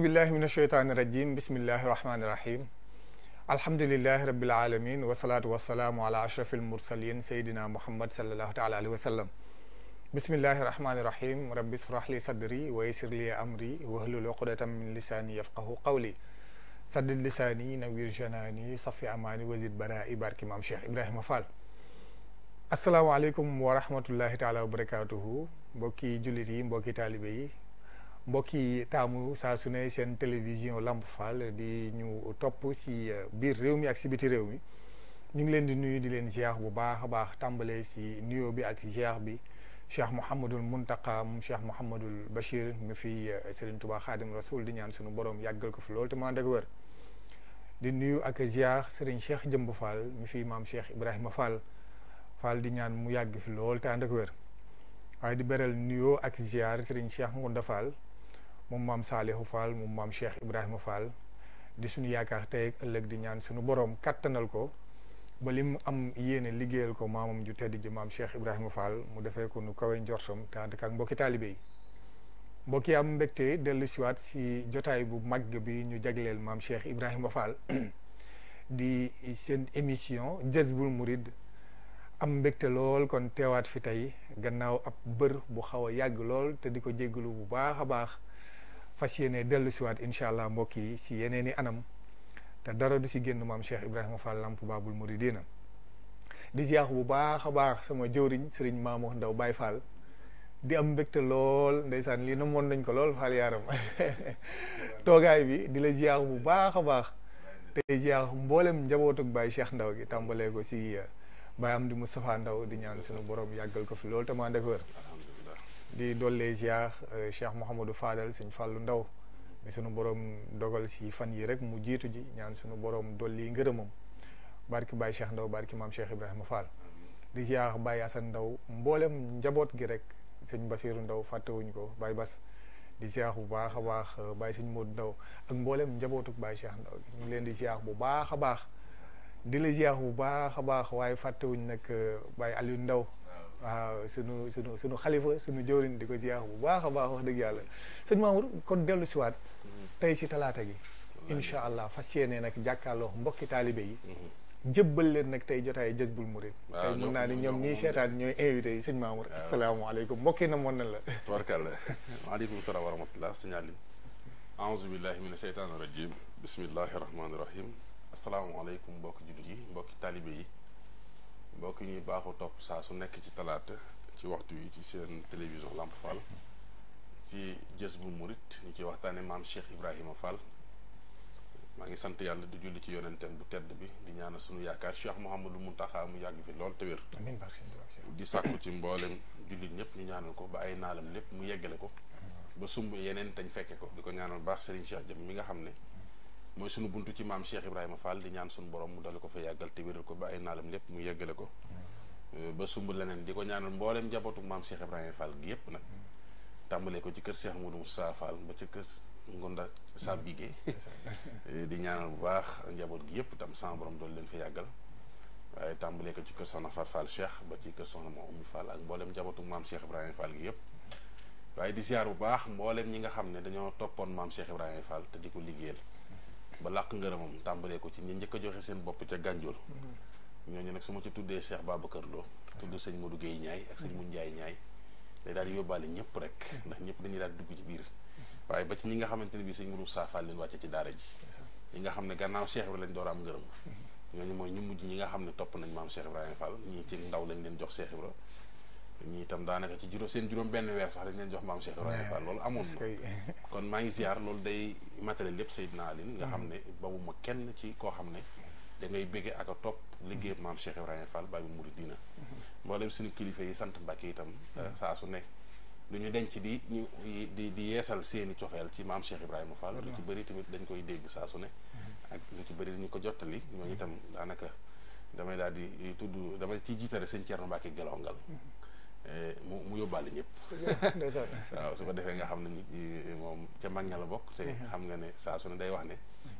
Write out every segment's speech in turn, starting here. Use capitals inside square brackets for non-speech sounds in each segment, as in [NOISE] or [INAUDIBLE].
أعوذ بالله من الشيطان الرجيم بسم الله الرحمن الرحيم الحمد لله رب العالمين والصلاة والسلام على أشرف المرسلين سيدنا محمد صلى الله عليه وسلم بسم الله الرحمن الرحيم رب اشرح لي صدري ويسر لي أمري واهلل عقدة من لساني يفقه قولي سد لساني نوير جناني صفي أماني وزيد برائي بارك إمام شيخ إبراهيم فال السلام عليكم ورحمة الله تعالى وبركاته بوكي jullit بوكي mbokki taalibe mbokk yi taamu saa su ne seen télévision Lamp Fall di ñu topp si euh, biir réew mi ak si biti réew mi ñu ngi leen di nuyu di leen ziar bu baax a baax tàmbalee si nuyoo bi ak ziar bi Cheikh Mouhamadul Muntaqa mu Cheikh Mouhamadul Bachir mi fi euh, Serigne Touba Khadim Rasoul di ñaan sunu borom yàggal ko fi loolu te mu ànd ak wér di nuyu ak ziar Serigne Cheikh Jëmb Fall mi fi maam Cheikh Ibrahima Fall Fall di ñaan mu yàgg fi lool te ànd ak wér waaye di beral nuyoo ak ziar Serigne Cheikh Ngounda Fall. moom maam Saalihu Fall moom maam Cheikh Ibrahima Fall di suñu yaakaar tey ëllëg di ñaan suñu boroom kattanal ko ba li mu am yéene liggéeyal ko maamam ju tedd ji maam Cheikh Ibrahima Fall mu defee ko nu kawe njortam te ànd ak mbokki taalibe yi mbokki am mbégte dellu siwaat si jotaay bu màgg bi ñu jagleel maam Cheikh Ibrahima Fall [CLEARS THROAT] di seen émission Jazboul murid am mbégte lool kon teewaat fi tey gannaaw ab bër bu xaw a yàgg lool te di ko jéggalu bu baax a baax fas yéene dellu siwaat incha allah mbokk yi si yeneen i anam te dara du si génn maam Cheikh Ibrahima Fall Lamp Baabul Mouridina di ziar bu baax a baax sama jëwriñ sëriñ Maamoo Ndaw baay Fall di am mbégte lool ndeysaan lii moon nañ ko lool Fall yaaram [LAUGHS] toogaay bi di la ziar bu baax a baax te ziar mboolem njabootug Baye Cheikh Ndaw gi tàmbalee ko si Baye Amdi Moustapha Ndaw di ñaan suñu borom yàggal ko fi lool te maa di dollee ziar euh, Cheikh Mouhamadou Fadal sëñ Fallou Ndaw mi sunu borom dogal si fan yi rek mu jiitu ji ñaan sunu borom dolli ngërëmam barki bày Cheikh Ndaw barki maam Cheikh Ibrahima Fall di ziar Baye Assane Ndaw mboolem njaboot gi rek sëñ Basiru Ndaw fàttewuñ ko Baye Bas di ziar bu baax a baax euh, Baye sëñ Modou Ndaw ak mboolem njabootuk bày Cheikh Ndaw ñu leen di ziar bu baax a baax di la ziar bu baax a baax waaye fàttewuñ nag euh, Baye Aliou Ndaw waaw sunu sunu sunu xalifa sunu jëwriñ di ko ziyaar bu baax a baax wax dëgg yàlla sëñ Mamour kon dellu si waat tey si talaata gi incha allah fas yéene nag jàkkaarloo mbokki taalibe yi jëbbal leen nag tey jotaay Jazboul Mouride tey mun naa ni ñoom ñiy seetaan ñooy invité yi sëñ Mamour asalaamaaleykum mbokki na moon na la tabarkàlla waaleykum salaam wa rahmatullah sëñ Aliou aouzu billahi mina seytaani rajim bismillahi rahmaani rahim asalaamaaleykum mbokki jullit yi mbokki taalibe yi mbokk ñuy baaxu topp saa su nekk ci talaata ci waxtu wi ci seen télévision làmp Fall si jës bu murit ñu ci waxtaane maam Cheikh Ibrahima Fall maa ngi sant yàlla di julli ci yonenteen bu tedd bi di ñaanal sunu yaakaar Cheikh Mouhamadou Mountakha mu yàgg fi lool te di sàkku ci mboolem jullit ñëpp ñu ñaanal ko ba ay naalam lépp mu yeggale ko ba sumb yeneen tañ fekke ko di ko ñaanal baax Serigne Cheikh Jëm mi nga xam ne moy sunu buntu ci mam Cheikh Ibrahima Fall di ñaan sunu borom mu dal ko fa yagal te wéral ko ba ay nalam lépp mu yeggale ko euh, ba sumbu leneen diko ñaanal mbolem jabotuk mam Cheikh Ibrahima Fall gi yep nak tambale ko ci keur Cheikh mudou Moussa Fall ba ci keur Ngonda Sabigé [LAUGHS] di ñaanal bu baax jabot gi yep tam sama borom dool leen fa yagal waye tambale ko ci keur Soxna Fat Fall Cheikh ba ci keur Ma Oumy Fall ak mbolem jabotuk mam Cheikh Ibrahima Fall gi yep waye di ziar bu baax mbolem ñi nga xamne dañoo topone mam Cheikh Ibrahima Fall te diko ba làq ngërëmam tàmbalee ko ci ñi njëkk a joxe seen bopp ca gànjool mm-hmm. ñooñu nag su ma ci tuddee Cheikh Babacar Lo tudd sëñ Modou Guèye Ñaay ak sëñ Mun Njaay Ñaay day daal di yóbbaale ñëpp rek mm-hmm. ndax ñëpp dañuy daal di dugg ci biir mm-hmm. waaye ba ci ñi nga xamante ne bii sëñ saa Saafal leen wàcce ci daara ji ñi nga xam ne gannaaw Cheikh Ibrahima lañ door am ngërëm ñooñu mooy ñu mujj ñi nga xam ne topp nañ maam Cheikh Ibrahima Fall ñii ci ndaw lañ leen jox Cheikh Ibrahima ñii itam daanaka ci juróom seen juróom benn weer sax dañ leen jox maam Cheikh Ibrahima Fall loolu amoon na kon maa ngi siyaar loolu day matériel lépp Seydina Alioune nga xam mm-hmm. ne bawuma kenn ci koo xam ne da ngay béggee ak a topp liggéey mm-hmm. maam Cheikh Ibrahima Fall bàyyi muridina mm-hmm. mboolem suñu kilifa yi sant Mbàkke itam eh, saa su ne lu ñu denc di ñu di yeesal seeni cofeel ci maam Ibrahima Fall lu ci bëri tamit dañ koy dégg saa su ne ak ñu ci bëri dañu ko jottali ñooñu itam daanaka damay daal di tudd damay ciy jiitale sëñ Thierno Mbacke Gelongal Eh, mu mu yóbbaale ñëpp. [LAUGHS] waaw su ko defee nga xam ne nit moom ca mag ña la bokk. te mhm. xam nga ne saa su ne day wax ne.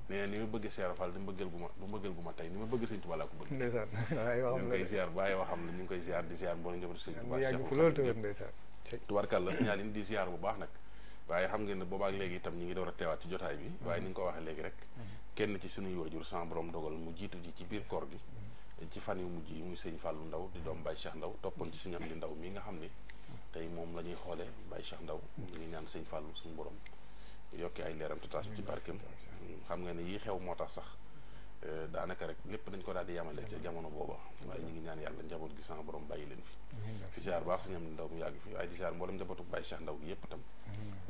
nee na ni ma bëgg Seex Ibra Faal du mbëggeel gu ma du mbëggeel gu ma tey ni ma bëgg Sëñ Tuubaa laa ko bëgg. ndeysaan [LAUGHS] waaw ñu ngi ne ñu ngi koy ziar di ziar mboolem njabootu Sëñ Tuubaa. yàgg ko loolu tamit [LAUGHS] baax nag. waaye xam ngeen ne boobaak léegi itam ñi ngi door a teewaat ci jotaay bi waaye ni ngi ko waxee léegi rek mhm. kenn ci suñu waajur sama borom dogal mu jiitu ji ci biir koor gi ci fan yu mujj yi muy sëñ fàllu Ndaw di doom Baye Cheikh Ndaw toppoon ci ñam Amdi Ndaw mi nga xam ne tey moom la ñuy xoolee Baye Cheikh Ndaw mm. ñu ngi ñaan sëñ Fallou suñ borom yokki ay leeram tataas ci barkeem mm. Mm. xam nga ne yii xew moo tax sax daa euh, daanaka rek lépp dañ ko daal di yamale ca jamono booba waaye ñu ngi ñaan yàlla njaboot gi sama borom bàyyi leen fi di ziar baax sëñ Amdi Ndaw mu yàgg fi waaye di ziar mboolem njabootu Baye Cheikh Ndaw gi yëpp itam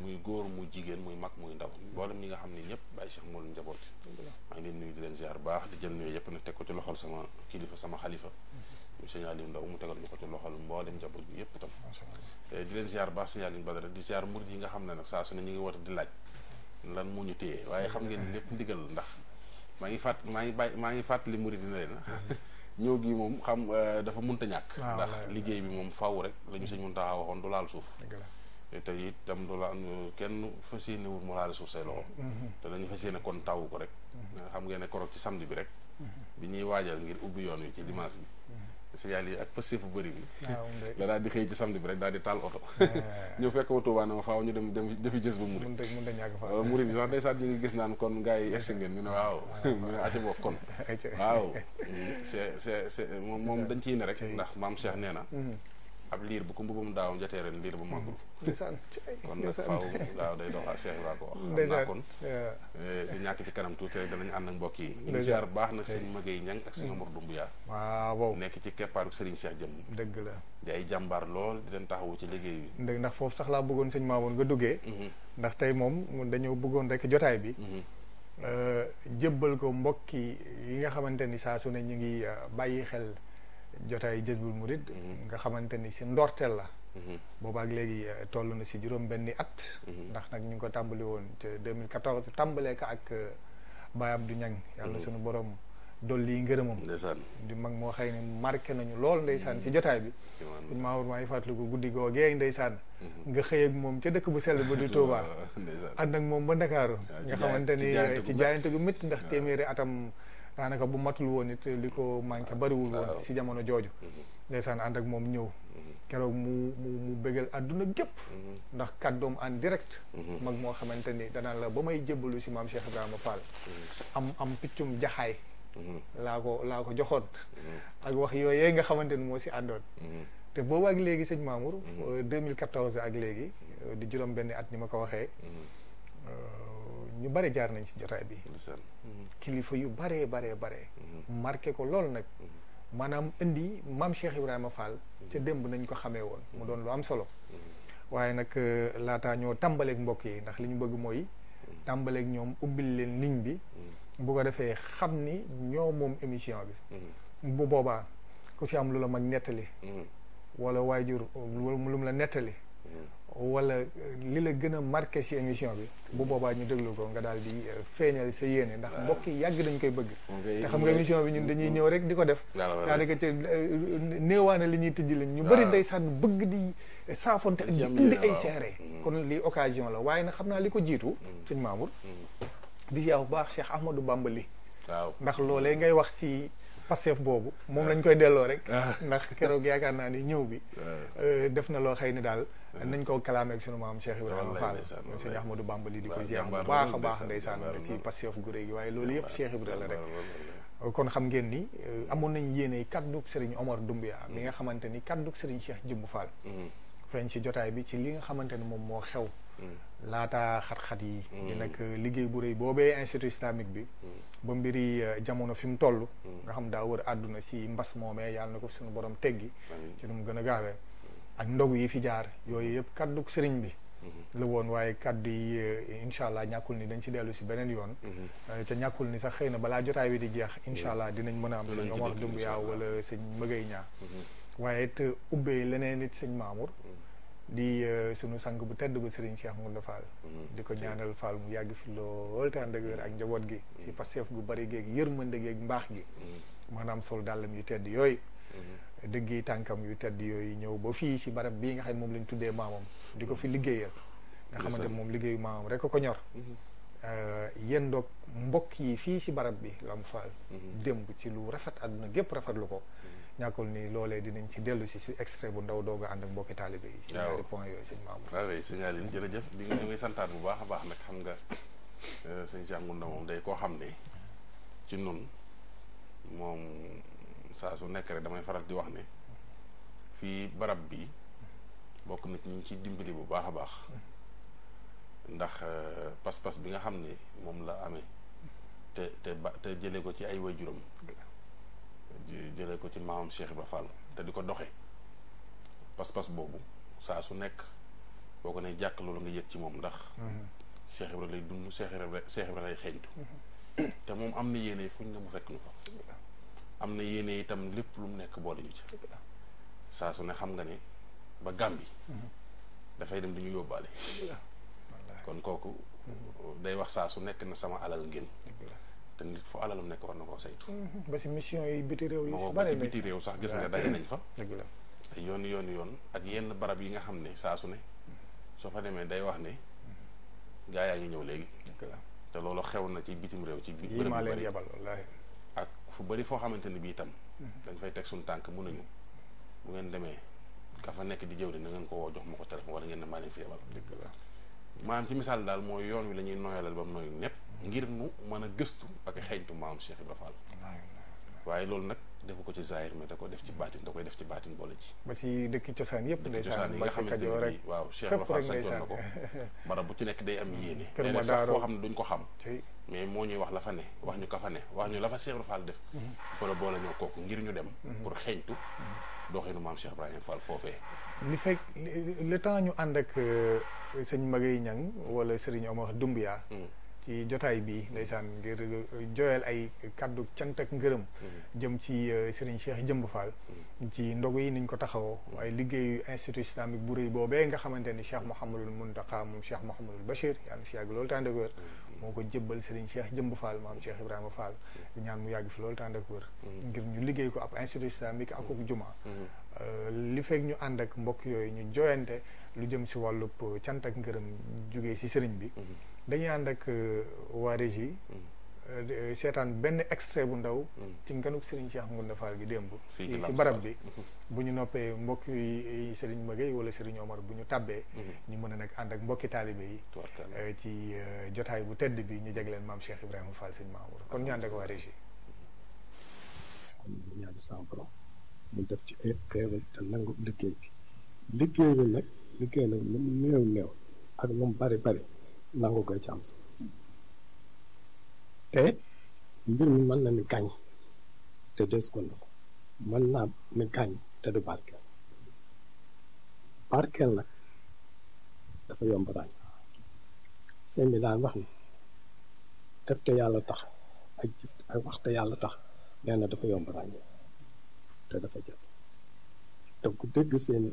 muy góor muy jigéen muy mag muy ndaw mboolem ñi nga xam ne ñëpp bàyyi Cheikh moo leen maa ngi leen nuyu baax di jël nuyu yëpp nag teg ko ci loxol sama kilifa sama xalifa mu sëñ Aliou Ndaw mu tegal ñu ko ci loxol mboolem yëpp tam eh, di leen ziar baax sëñ Aliou Badara di yi nga xam ne nag saa su ne ñu ngi woote di laaj lan ñu téye waaye xam ngeen ni lépp ndigal ndax maa ngi fàtt maa ngi bàyyi maa ngi fàttali murid dina leen ah, ñëw gi moom xam eh, dafa munta ñàkk ah, ndax liggéey bi moom faw rek la ñu sëñ Muntaxa waxoon du laal suuf te tam du la am kenn fas yéene wul mu laale suuf say loxo. Mhm. te dañu fas yéene kon taw ko rek. Mhm. xam ngeen ne koroog ci samedi bi rek. Mhm. bi ñuy waajal ngir ubbi yoon wi ci dimanche bi. signal yi ak pëste fu bëri bi ah, la daal di xëy ci samedi bi rek daal di taal oto ah. [LAUGHS] ñëw fekk ma Tuubaa ne ma faaw ñu dem dem defi jës ba murid wala murid yi sax ndeysaan ñu ngi gis naan kon gars yi egsi ngeen ñu ne waaw ah, [LAUGHS] ñu ne aca bokk kon [LAUGHS] waaw mm, c'est c'est moom dañ ci ne rek ndax maam Cheikh nee na ab liir bu ko mbubum daaw jotee ren liir bu màggul. kon nag faaw daaw day dox ak Cheikh Ibra ko wax. naa kon eh, di ñàkk ci kanam tuuti rek danañ ak mbokk yi. ñu ziar baax nag sëñ Maguette Niang ak sëñ Omar Doumbouya. waaw nekk ci keppaaru Serigne Cheikh Jëmm. dëgg la di ay jàmbaar lool di leen taxawu ci liggéey bi. ndax foofu sax laa bëggoon sëñ Mamour nga duggee. Mhm. ndax tey moom dañoo bëggoon rekk jotaay bi. Mhm. Euh, jébbal ko mbokki yi nga xamante ni saa su ne ñu ngi euh, bàyyi xel jotay Jazbul mourid mhm. nga xamanteni ci ndortel la mhm. boba ak legui eh, tollu na ci juróom benni at mhm. ndax nak ñu ko tambali won ca 2014 tambale ka ak eh, Baye Abdou Niang yalla suñu borom dolli yi ngërëmam di mag mo xeyni marqué nañu lool ndeysaan ci jotay bi uñ maawur maa ngi fàttaliku guddi googee ndeysaan nga xey ak mom ci dekk bu sel ba di [LAUGHS] Touba and ak mom ba Ndakaaru nga xamanteni ci jaayante gu metti ndax téméré atam daanaka bu matul woon it li ko manqué bariwul woon si jamono jooju mhm. ndeysaan ànd ak moom ñëw mhm. keroog mu mu mu bégal àdduna gépp mhm. ndax kàddoom en direct mag moo xamante ni danaan la ba may jébbalu si maam Cheikh Ibrahima Fall am am piccum jaxaay laa ko laa ko joxoon ak wax yooyee nga xamante ni moo si àndoon te boobu ak léegi sëñ Mamour 2014 euh, ak léegi di juróom benn at ni ma ko waxee euh, ñu bari jaar nañ si jotaay bi kilifa yu baree baree bare mhm. marqué ko loolu nag mhm. maanaam indi mam Cheikh Ibrahima Fall ca mhm. démb nañ ko xamee woon mu doon lu am solo waaye nag euh, laataa ñoo tàmbaleek mbokk yi ndax li ñu bëgg mooy tàmbaleek ñoom ubbil leen ligne bi bu ko defee xam ni ñoo moom émission bi bu boobaa ku si am lu la mag nettali wala waajur lu mu la nettali wala li la gën a marke ci émission bi bu boobaa ñu déglu ko nga daal di euh, feeñal sa yéene ndax ah. mbokk yi yàgg dañ koy bëgg te xam nga émission bi ñun dañuy ñëw rek di ko def ah, daanaka ca euh, néewaana li ñuy tëj lañ ñu bëri ah. day sànn bëgg di saafonte ak di indi ay seere mm. kon li occasion la waaye na xam naa li ko jiitu mm. sëñ Mamour mm. di si bu baax Cheikh Ahmadou Bamba li waaw ndax loolee ngay wax si passef bobu mom lañ koy delo rek ah. ndax keroog yaakaar naa ni ñew bi ah. euh def na lo xeyni dal ah. nañ ko kalamé ak sunu maam Cheikh Ibrahima Fall sëñ Ahmadou bambali di ko ziar bu baaxa baax ndeysaan ci passef gu rëy gi waaye loolu yépp Cheikh Ibrahima la rek kon xam ngeen ni euh, amon nañ yene kaddu Serigne Omar dumbia mi nga mm. xamanteni kaddu Serigne Cheikh Jëmb Fall mm. feeñ ci jotay bi ci li nga xamanteni mom mo xew mm. lata xat-xat yi di nag liggéey bu reey bobé institut islamique bi ba mbir mbiri eh, jamono fi mu toll mm. nga xam daa war àdduna si mbas moomee yàlla na ko suñu borom teggi ci nu mu gën a gaawee ak ndog yi fi jaar yooyu yëpp kàddu sëriñ bi mm-hmm. la woon waaye kàddu yi eh, incha allah ñàkkul ni dañ si dellu si beneen yoon mm-hmm. eh, te ñàkkul ni sax xëy na balaa jotaay wi di jeex mm-hmm. incha allah dinañ mën a am sëñ Omar Dumbuya wala sëñ Mëgay ñaa waaye it ubbee leneen it sëñ Mamour di euh, sunu sang bu tedd bu Serigne Cheikh Mounda Fall. Mm-hmm. di ko ñaanal Fall mu yàgg fi lool te ànd ak wér njaboot gi. Mm-hmm. ci Pastef gu bari géeg yërmande géeg mbaax gi. Mm-hmm. maanaam sol dàllam yu tedd yooyu. dëgg tànkam yu tedd yooyu ñëw ba fii si barab bii nga xam ne moom lañ tuddee maamam. di ko fi liggéeyal. nga xamante moom liggéeyu maamam rek ko ñor. Euh, yéen donc mbokk yi fii si barab bi Lamp Fall. démb ci lu rafet àdduna gépp rafet lu ko. ñàkkul ni loolee dinañ ci dellu si si extrait bu ndaw doog a ànd ak mbokki taalibe yi si ñaari point yooyu sëñ Mamour waaw signal yi jërëjëf di nga ngi santaat bu baax a baax nag xam nga sëñ Cheikh ndaw moom day koo xam ne ci nun moom saa su nekk rek eh, damay faral di wax ne fii barab bi bokk na ci ñu ngi dimbali bu baax a baax ndax pas-pas bi nga xam ne moom la amee te te ba te jëlee ko ci ay waajuram jëlé ko ci maam Cheikh ba Fall té diko doxé pass pass bobu sa su nek boko né jakk lolu nga yëg ci mom ndax Cheikh ibrahim lay dund Cheikh ibrahim Cheikh ibrahim lay xéñtu té mom amna yéné fuñ fu mu fekk nu fa amna yéné itam lepp lu mu nekk boole ñu ci sa su né xam nga né ba da dafay dem di ñu kon koku day wax sa su nek na sama alal ngeen te nit fu alalam nekk war na koo saytu. Mhm. ba si mission yi biti réew yi. si bëri biti réew sax gis nga daje nañ fa. ay yoon yoon yoon ak yenn barab yi nga su fa day wax ne gaa yaa ngi ñëw léegi. te loolu xew na ci bitim réew. ci biir bërëb yu bëri ak fu bëri foo xamante ni bii mhm. dañ fay teg suñu tànk mun nañu bu ngeen demee ka fa nekk di jëw na ngeen ko jox ma téléphone wala ngeen ne maa leen fi la ci yoon wi ngir nu mën a gëstu ak xeeñtu maam Cheikh Ibra Fall waaye loolu nag defu ko ci zahir mais ko def ci baatin da koy def ci baatin boole ci ba si dëkk cosaan yëpp dëkk cosaan yi bu ci nekk day am yéene léeg-léeg sax foo xam ne duñ ko xam mais moo ñuy wax la fa ne wax ñu ka fa ne wax ñu la fa Cheikh Ibra def mm-hmm. boole boole ñoo kooku ngir ñu dem mm-hmm. pour xeeñtu mm-hmm. doxinu maam Cheikh Ibrahima Fall foofee li fekk le temps ñu ànd ak euh, sëñ Magay Ñang wala Serigne Omar Doumbia mm. ci jotaay bi ndeysaan ngir uh, joyal ay kàddu cant ak ngërëm mm-hmm. jëm ci uh, Serigne Cheikh Jëmb Fall mm-hmm. ci ndogu yi nañ ko taxawoo waaye mm-hmm. liggéeyu institut islamique bu rëy boobee nga xamante ni Cheikh Mouhamadul Muntaqa moom Cheikh Mouhamadul Bachir yàlla na fi yàgg loolu tànd ak wër moo ko jëbbal Serigne Cheikh Jëmb Fall maam Cheikh Ibrahima Fall ñaan mu yàgg fi loolu tànd ak wër ngir ñu liggéey ko ab institut islamique ak ak juma uh, li fekk ñu ànd ak mbokk yooyu ñu joyante lu jëm si wàllub cant ngërëm jugee si sëriñ bi dañuy ànd ak euh, waa régie mm. euh, seetaan benn extrait bu ndaw mm. ci nganuk Serigne Cheikh Ngounda Fall gi démb ci barab bi mm-hmm. bu ñu noppee mbokk yi Serigne Magueye wala Serigne Omar bu ñu tàbbee mm-hmm. ñu mën a nag ànd ak mbokki taalibe yi euh, ci jotaay bu tedd bi ñu jegleen maam Cheikh Ibrahima Fall Serigne Mamour kon ñu ànd ak waa régie ci liggéey bi nag liggéey nag mu néew néew ak lu bari bari nangu Guy Thiams te mbir mi mën na ni gaañ te des ko na naa ni gaañ te du barkeel barkeel nag dafa yomb ràññ bi daan wax ni def te yàlla tax ak jëf ak wax te yàlla tax nee na dafa yomb te dafa jot te ku dégg seen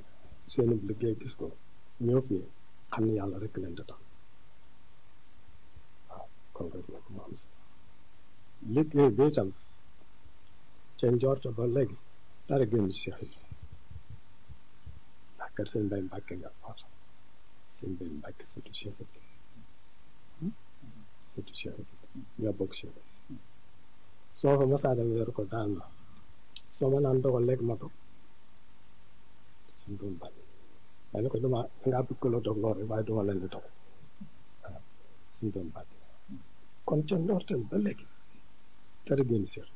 seenu liggéey gis ko ñëw fii xam ne yàlla rekk leen di tax congrès nag mu am si liggéey bi itam ca njorto ba léegi dara génn ci Seex Ibra ndax kër nga xool sëñ Mbay Mbàkke surtout Seex Ibra hmm? surtout Seex Ibra ñoo bokk Seex soo fa masaa dem yor ko daan la soo ma naan dogal léegi ma dog suñ doon bañ waaye ne ko dama dangaa bëgg leen di dog waaw suñ kon ca ndorteel ba léegi te génn seex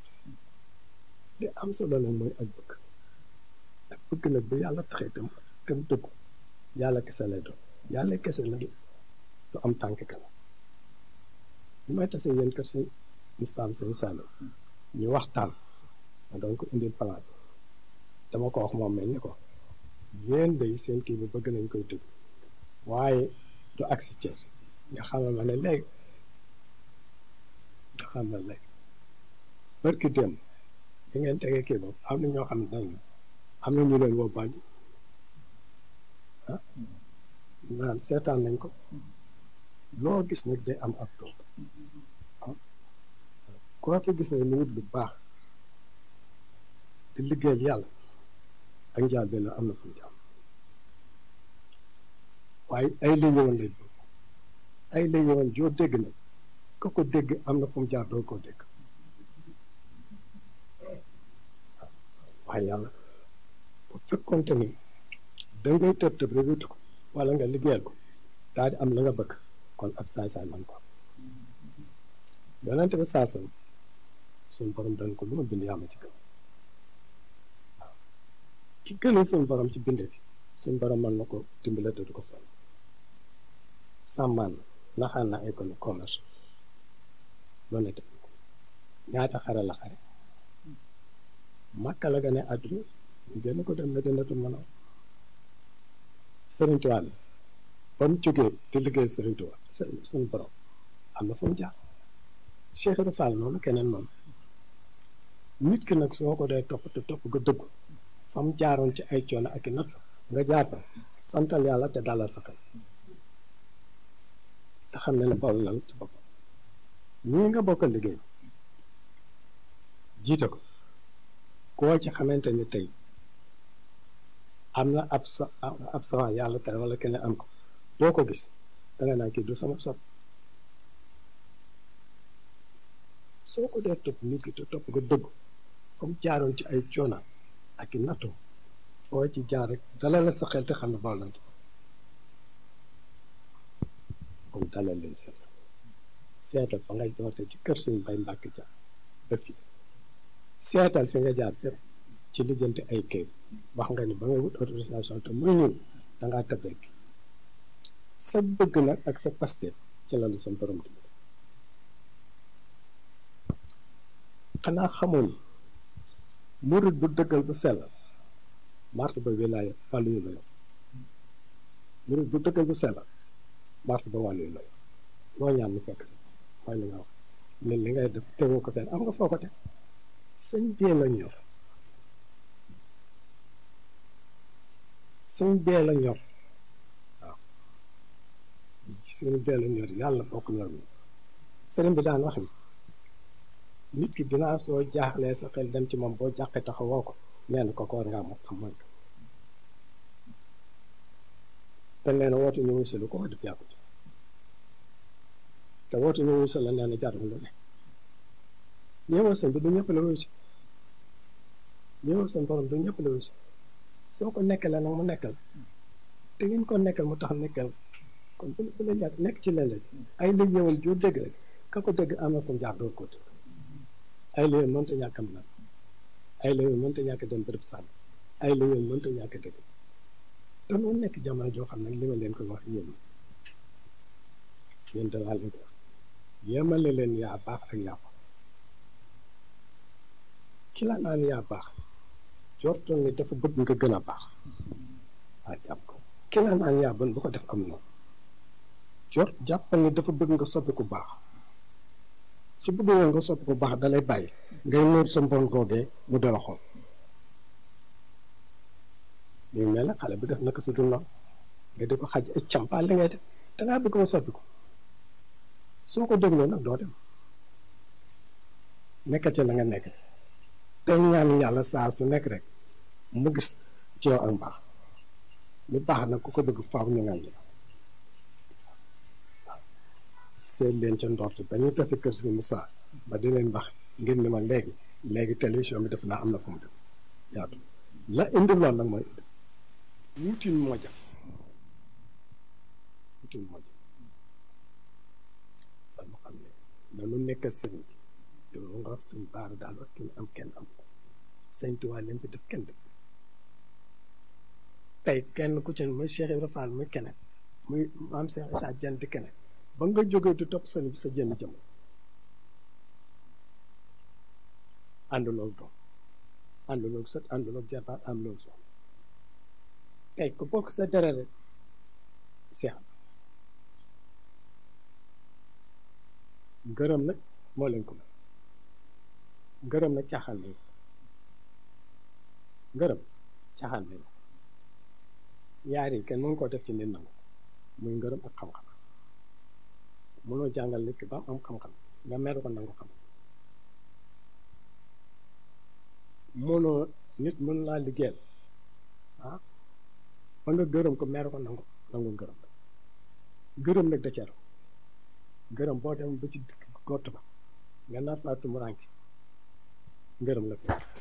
di am solo nag mooy ak bëgg ak bëgg nag bu yàlla taxee itam te mu dëggu yàlla kese lay doon yàlla kese nag du am tànk kanam bi may tasee yéen kër si Moustapha Seye Saloum ñu waxtaan ma doon ko indi palaat dama ko wax moom mel ni ko yéen day seen kii bi bëgg nañ koy dëgg waaye du agsi Thiès nga xamal ma ne léegi xamal rek barki dem bi ngeen tegee kii boobu am na ñoo xam ne dañ am na ñu leen woo bàjj ah, naan seetaan nañ ko loo gis nag day am ab tool ah, koo fi gis nag mu wut lu baax di liggéeyal yàlla ak njaal benn am na fu mu waaye ay la yowoon lañ ay la dégg nag ku ko dégg am na fu mu jaar doo ko dégg waaye yàlla bu fekkoonte ni da ngay tëb tëb rek ko wala nga liggéeyal ko daal am la nga bëgg kon ab saay-saay man ko yonente bi saasam suñu borom dañ ko lu ma bind yàlla ci gën waaw ki gënee suñu borom ci binde bi suñu borom mën na ko dimbale te du ko sonn sàmmaan naxaan na ay commerce loolu la def ñaata xare la xare Makka la gane àdduna ñu génn ko dem Madinatul Munawwara Sëriñ Tuubaa ba mu jógee di liggéey Sëriñ Tuubaa suñu borom am na fa mu jaar Cheikh Ibra noonu keneen noonu nit ki nag soo ko dee topp te topp nga dëgg fa mu jaaroon ci ay coono ak i natt nga jaar ko santal yàlla te dalal sa xel te xam ne ne Bawol la ci boppam ñii nga bokkal liggéey jiite ko koo ci xamante ni tey am na ab sa ab savant yàlla tere wala kenn am ko boo ko gis danga naa kii du sama sab soo ko dee topp nit ki topp ko dëgg comme jaaroon ci ay coona ak i nattu foo ci jaar rek dalal la sa te xam ne baw lante comme dalal leen sa seeta fa ngay doorte ci kër suñu bay mbàkk ja ba fi seetal fi nga jaar fépp ci lijjanti ay kayit wax nga ni ba nga wut autorisation te muy ñëw da ngaa tëb rek sa bëgg nag ak sa pasteur ci la la sa borom di xanaa xamoon murid bu dëggal bu sell mart ba wilaaya wàlluyu la yor murid bu dëggal bu sell mart ba wàlluyu la yor loo ñaan lu fekk sa mooy li nga wax ne li ngay def tegoo ko fenn am nga foo ko teg sëñ bee la ñor sëñ bee la ñor yàlla bokk ñor mi sëriñ bi daan wax ni nit ki dinaa soo jaaxlee sa xel dem ci moom boo jàqee taxawoo ko nee na ko ko war ngaa moom am moytu te nee na ñu wuy si lu ko def yàqu te woote ñoo wuyu si lan daanaka jaar nañ la ne seen bi du ñëpp la wuyu si ñëwal seen borom du ñëpp la si soo ko nekkale nag mu nekkal te ngeen ko nekkal mu tax nekkal kon bu la yàgg nekk ci leneen ay lay yëwal joo dégg rek ka ko dégg am na fu mu jaar door ko ay lay mënta ñàkk am na ay lay mënta ñàkk dem bërëb sàmm ay lay mënta ñàkk dëgg te noonu nekk jamono joo xam ne li ma leen koy wax yéen yéen dalaa yemale leen yaa baax ak yaa bon la naan yaa baax jortoon ni dafa bëgg nga gën a baax waa jàpp ko ki bu ko def am na jort jàppal ni dafa bëgg nga soppi ku baax su bëggee nga soppi ku baax dalay bàyyi ngay muur sa mbon googee mu dala xool ñu mel ne xale bi def naka si dul nga def ko xaj ay campaal li ngay def dangaa bëgg ma soppi ko soo ko dégloo nag doo dem nekk ca la nga nekk te ñaan yàlla saa su nekk rek mu gis ci yow ak mbaax lu baax na ku ko bëgg faaw ñu ngaan la seet leen ca ndort ba ñuy tase kër si Moussa ba di leen wax ngeen ni ma léegi léegi télévision bi def naa am na fu mu la indi lool na mooy indi wutin moo jaf nanu nekk sëriñ bi loolu nga wax sëñ baara daal wax kenn am kenn am ko tuwaa leen fi def kenn def tey kenn ku ci muy Cheikh Ibra Fall muy keneen muy maam Cheikh Issa Dieng di keneen ba nga jógee du topp sëriñ bi sa jënd jëm ànduloo doom ànduloo sët ànduloo jarbaat ànduloo soxna tey ku bokk sa dara rek gërëm nag moo leen ko may gërëm nag caaxaan lañ gërëm caaxaan lañ yaar yi kenn mën koo def ci nit nangu muy ngërëm ak xam-xam mënoo jàngal nit ki ba am xam-xam nga mer ko nangu xam mënoo nit mën laa liggéeyal ah ba nga gërëm ko mer ko nangu nangu gërëm gërëm nag da ngërëm boo dem ba ci gott ba nga naat faa tumuraanke ngërëm la fekk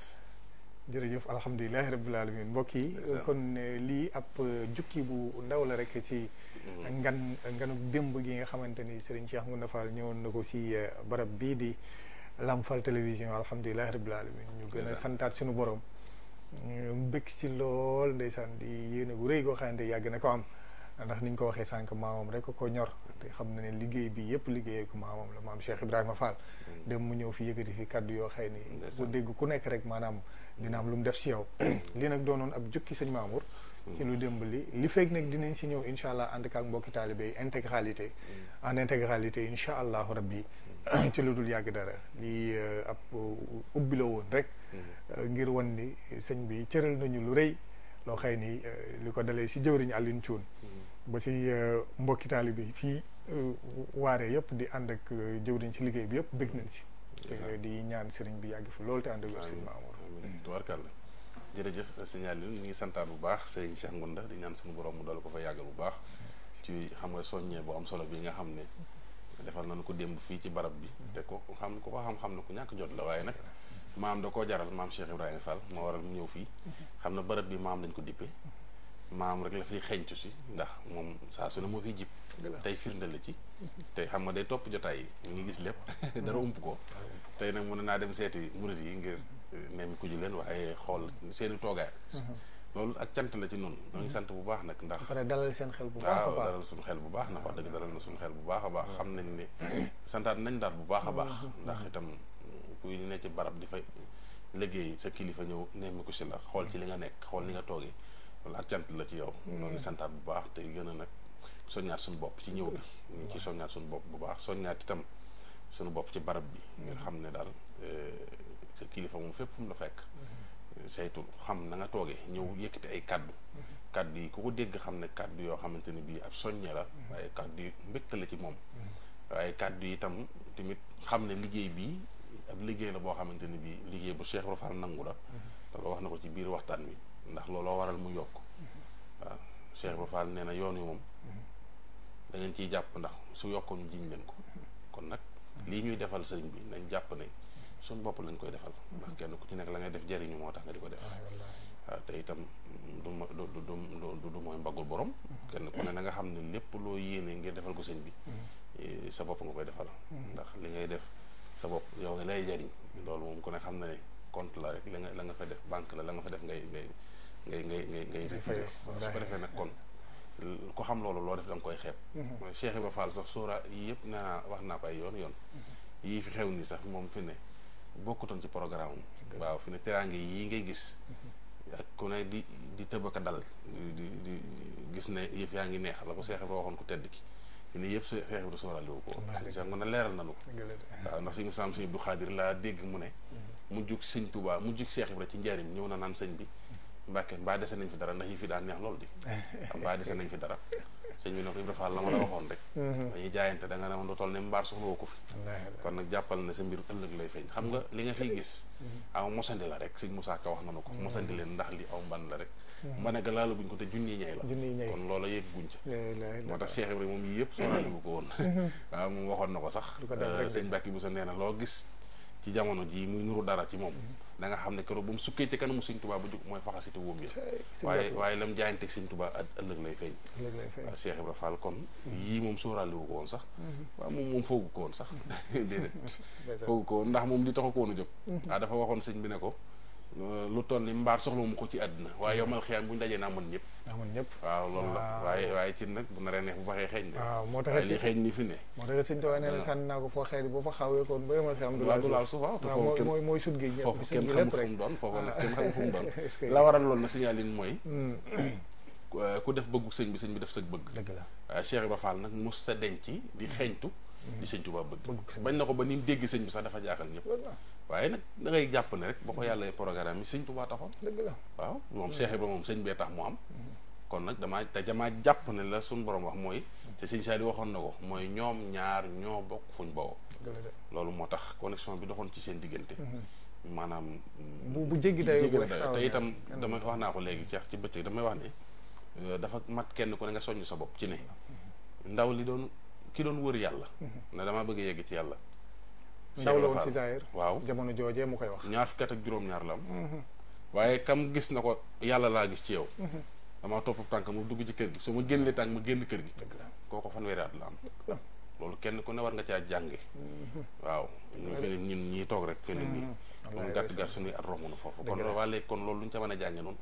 jërëjëf alhamdulilahi rabbil alamin mbokk yi kon eh, lii ab eh, jukki bu ndaw la rek ci mm. ngan nganu démb gi nga xamante ni Serigne Cheikh Ngounda Fall ñëwoon na ko si eh, barab bii di Lamfal télévision alhamdulilahi rabbil alamin ñu gën a santaat suñu borom ñu bëgg si lool ndeysaan di yéene gu rëy goo xamante yàgg na ko am ndax ni ko waxee sànq maamam rek ko ñor te xam na ne liggéey bi yëpp liggéeyee ko maamam la maam Cheikh Ibrahima Fall mm. dem mu ñëw fi yëkkati fi kaddu yoo xëy ni bu dégg ku nekk rek maanaam dina am lu mu def si yow mm. li nag doonoon ab jukki sëñ Mamour mm. ci lu démb li li fekk nag dinañ si ñëw incha allah ànd ak mbokki taalibe yi intégralité en intégralité incha allahu rabbi [COUGHS] ci lu dul yàgg dara lii euh, ab euh, ubbi la woon rek euh, ngir wan sëñ bi cëral nañu lu rëy loo xëy ni li ko dalee si jëwriñ Alioune Thioune ba si euh, mbokki taalibe bi fii euh, waaree yëpp di ànd ak euh, jëwriñ si liggéey bi yëpp bëgg nañ si. te di ñaan sëriñ bi yàgg fi loolu te ànd ak wér sëriñ Mamour. Mm. tubaarkalla jërëjëf signal yi ñu ngi santaat bu baax sëriñ Cheikh Ngounda di ñaan suñu borom mu dool ko fa bu baax. ci xam nga soññee bu am solo bi nga xam ne. defal nañu ko démb fii ci barab bi. Mm. te ko xam ko ko xam-xam na ku ñàkk jot la waaye nag. maam da koo jaral maam Cheikh Ibrahima Fall moo waral mu ñëw fii. Mm-hmm. xam na barab bi am lañ ko dippe mm-hmm. maam rek la fiy xeeñtu si ndax moom saa su ne moo fiy jib tey firnde la ci tey xam nga day topp jotaay yi ñu ngi gis lépp [LAUGHS] dara ump ko tey nag mën naa dem seeti murit yi ngir eh, nem ku ji leen waaye xool seeni toogaay [LAUGHS] loolu ak cant la ci noonu ñoo sant bu baax nag ndax pare seen xel bu baax waaw dalal xel bu baax ndax wax dëgg dalal na suñu xel bu baax a baax xam nañ ne [LAUGHS] santaat nañ daal bu baax a baax ndax itam kuy ne ci barab di fa liggéey sa kilifa ñëw nemmi ko si la xool ci li nga nekk xool li nga toogee loolu ak cant la ci yow. ñoo ngi santaat bu baax tey gën a nag soññaat suñu bopp ci ñëw bi. ñu ngi ci soññaat suñu bopp bu baax soññaat itam suñu bopp ci barab bi. ngir xam ne daal eh, sa kilifa moom fépp fu la fekk. saytu xam nanga nga toogee ñëw yëkkati ay kàddu kaddu yi ku ko dégg xam ne kàddu yoo xamante ni bii ab soññee la. waaye kaddu yi mbégte la ci moom. waaye kàddu yi itam tamit xam ne liggéey bi ab liggéey la boo xamante ni bii liggéey bu seex Ibra Fall la. te na ko ci biir waxtaan wi. ndax looloo waral mu yokk waaw Cheikh ba Fall nee na yoon wi moom da ngeen ciy jàpp ndax su yokkoo ñu jiñ leen ko kon nag lii ñuy defal sëriñ bi nañ jàpp ne suñ bopp lañ koy defal ndax kenn ku ci nekk la ngay def jariñu moo tax nga di ko def waaw te itam du du du du du mooy borom kenn ku ne na nga xam ne lépp loo yéene ngir defal ko sëriñ bi mm-hmm. eh, sa bopp nga koy defal mm-hmm. ndax li ngay def sa bopp yow nga lay jariñ loolu moom ku ne xam na ne compte la rek la nga la nga fa def banque la la nga fa def ngay ngay ngay ngay ngay ngay rétiré su ko defee nag kon ko xam loolu loo def da nga koy xeeb mhm. mooy Cheikh Ibrahima Fall sax sóora yi yëpp nee naa wax naa ko ay yoon yoon mhm. yii fi xew nii sax moom fi ne bokkutoon ci programme waaw fi ne teraange yii ngay gis mhm. ak ku ne di di tëbaka dal di di gis ne yëf yaa ngi neex la ko Cheikh Ibrahima waxoon ko tedd ki ne yëpp su Cheikh Ibrahima sóoraale wu ko sëñ mu ne leeral nanu ko waaw ndax suñu saam suñu bu xaadir laa dégg mu ne mu jug sëñ Tuubaa mu jug Cheikh Ibrahima ci njaarim ñëw na naan sëñ bi Mbàkke mbaa dese nañ fi dara ndax yi fi daan neex lool di [LAUGHS] mbaa dese nañ fi dara sëñ bi ne ko Ibra Fall la ma a waxoon rek mm-hmm. dañuy jaayante da nga ne woon du ne mbaar soxla ko fi kon nag jàppal na sa mbir ëllëg lay feeñ xam nga mm-hmm. li nga fiy gis mm-hmm. aw mosandi la rek sëñ Moussa Ka wax na ma ko mosandi leen ndax li aw mban la rek mba neka laala buñ ko te junni ñay la kon loola yëg guñ ca moo tax Cheikh Ibra moom yii yëpp [LAUGHS] sooraale bu ko woon [LAUGHS] waaw moom waxoon na ko sax euh, sëñ Mbàkke bu sa nee na loo gis ci jamono jii muy nuru dara ci moom danga xam ne keroog ba mu sukkee ci kanamu sëñ Tuubaa ba jóg mooy faxasite wóom yi waaye waaye lam jaayante sëñ Tuubaa ëllëg lay feeñ waaw Cheikh Ibra Fall kon mm-hmm. yii moom sóoraale wu ko woon sax mm-hmm. waaw moom moom foogu ko woon sax mm-hmm. [LAUGHS] déedéet [LAUGHS] foogu ko woon ndax moom li taxu ko woon a jóg ah, dafa waxoon sëñ bi ne ko lu toll ni mbaar soxla mu ko ci àdduna waaye yow mal xiyaan bu ñu dajee naa mën ñëpp naa mën ñëpp waaw loolu la waaye waaye ci nag bu naree neex bu baxee xeeñ ne waaw moo tax li xeeñ ni fi ne moo tax sëñ Tuubaa nee na naa ko foo xeer yi boo fa xawee koon ba yomal xiyaan du foofu mooy mooy sut gi foofu kenn xamul ah. fu mu doon foofu nag kenn xamul fu mu doon la waral loolu na signalin mooy hmm. ku def bëggu sëñ bi sëñ bi def sëg bëgg dëgg la ah, Cheikh Ibra Fall nag mos sa denc di xeeñtu li sëñ Tuubaa bëgg bañ na ko ba ni mu dégg sëñ bi sax dafa jaaxal ñëpp waaye nag da ngay jàpp ne rek boo ko yàlla programme yi sëñ Tuubaa taxoon dëgg la waaw moom Cheikh ba moom sëñ bee tax mu am mm-hmm. kon nag damaa te damaa jàpp ne la suñ borom wax mooy te sëñ Saali waxoon na ko mooy ñoom ñaar ñoo bokk fuñ bawoo loolu moo tax connexion bi doxoon ci seen diggante mm-hmm. maanaam bu bu jéggi day te itam damay wax naa ko léegi seex ci bëccëg damay wax ni euh, dafa mat kenn ko ne nga soññ sa bopp ci ne mm-hmm. ki doon wër yàlla. Mhm. na damaa bëgg a yegg ci yàlla. ndaw la woon si Zaire waaw jamono joojee koy wax. ñaar fukki ak juróom-ñaar la am. Mhm. waaye kam gis na ko yàlla laa gis ci yow. Mhm. damaa topp tànk mu dugg ci kër gi su ma génnee tànk ma génn kër gi. dëgg la kooko fanweeri at la am. loolu kenn ku ne war nga caa jànge waaw ñu fi ne ñun ñii toog rek fi ne nii. moom gàtt gàtt suñuy at romb na foofu. kon waa léegi kon loolu lu ñu ca mën a jànge noonu.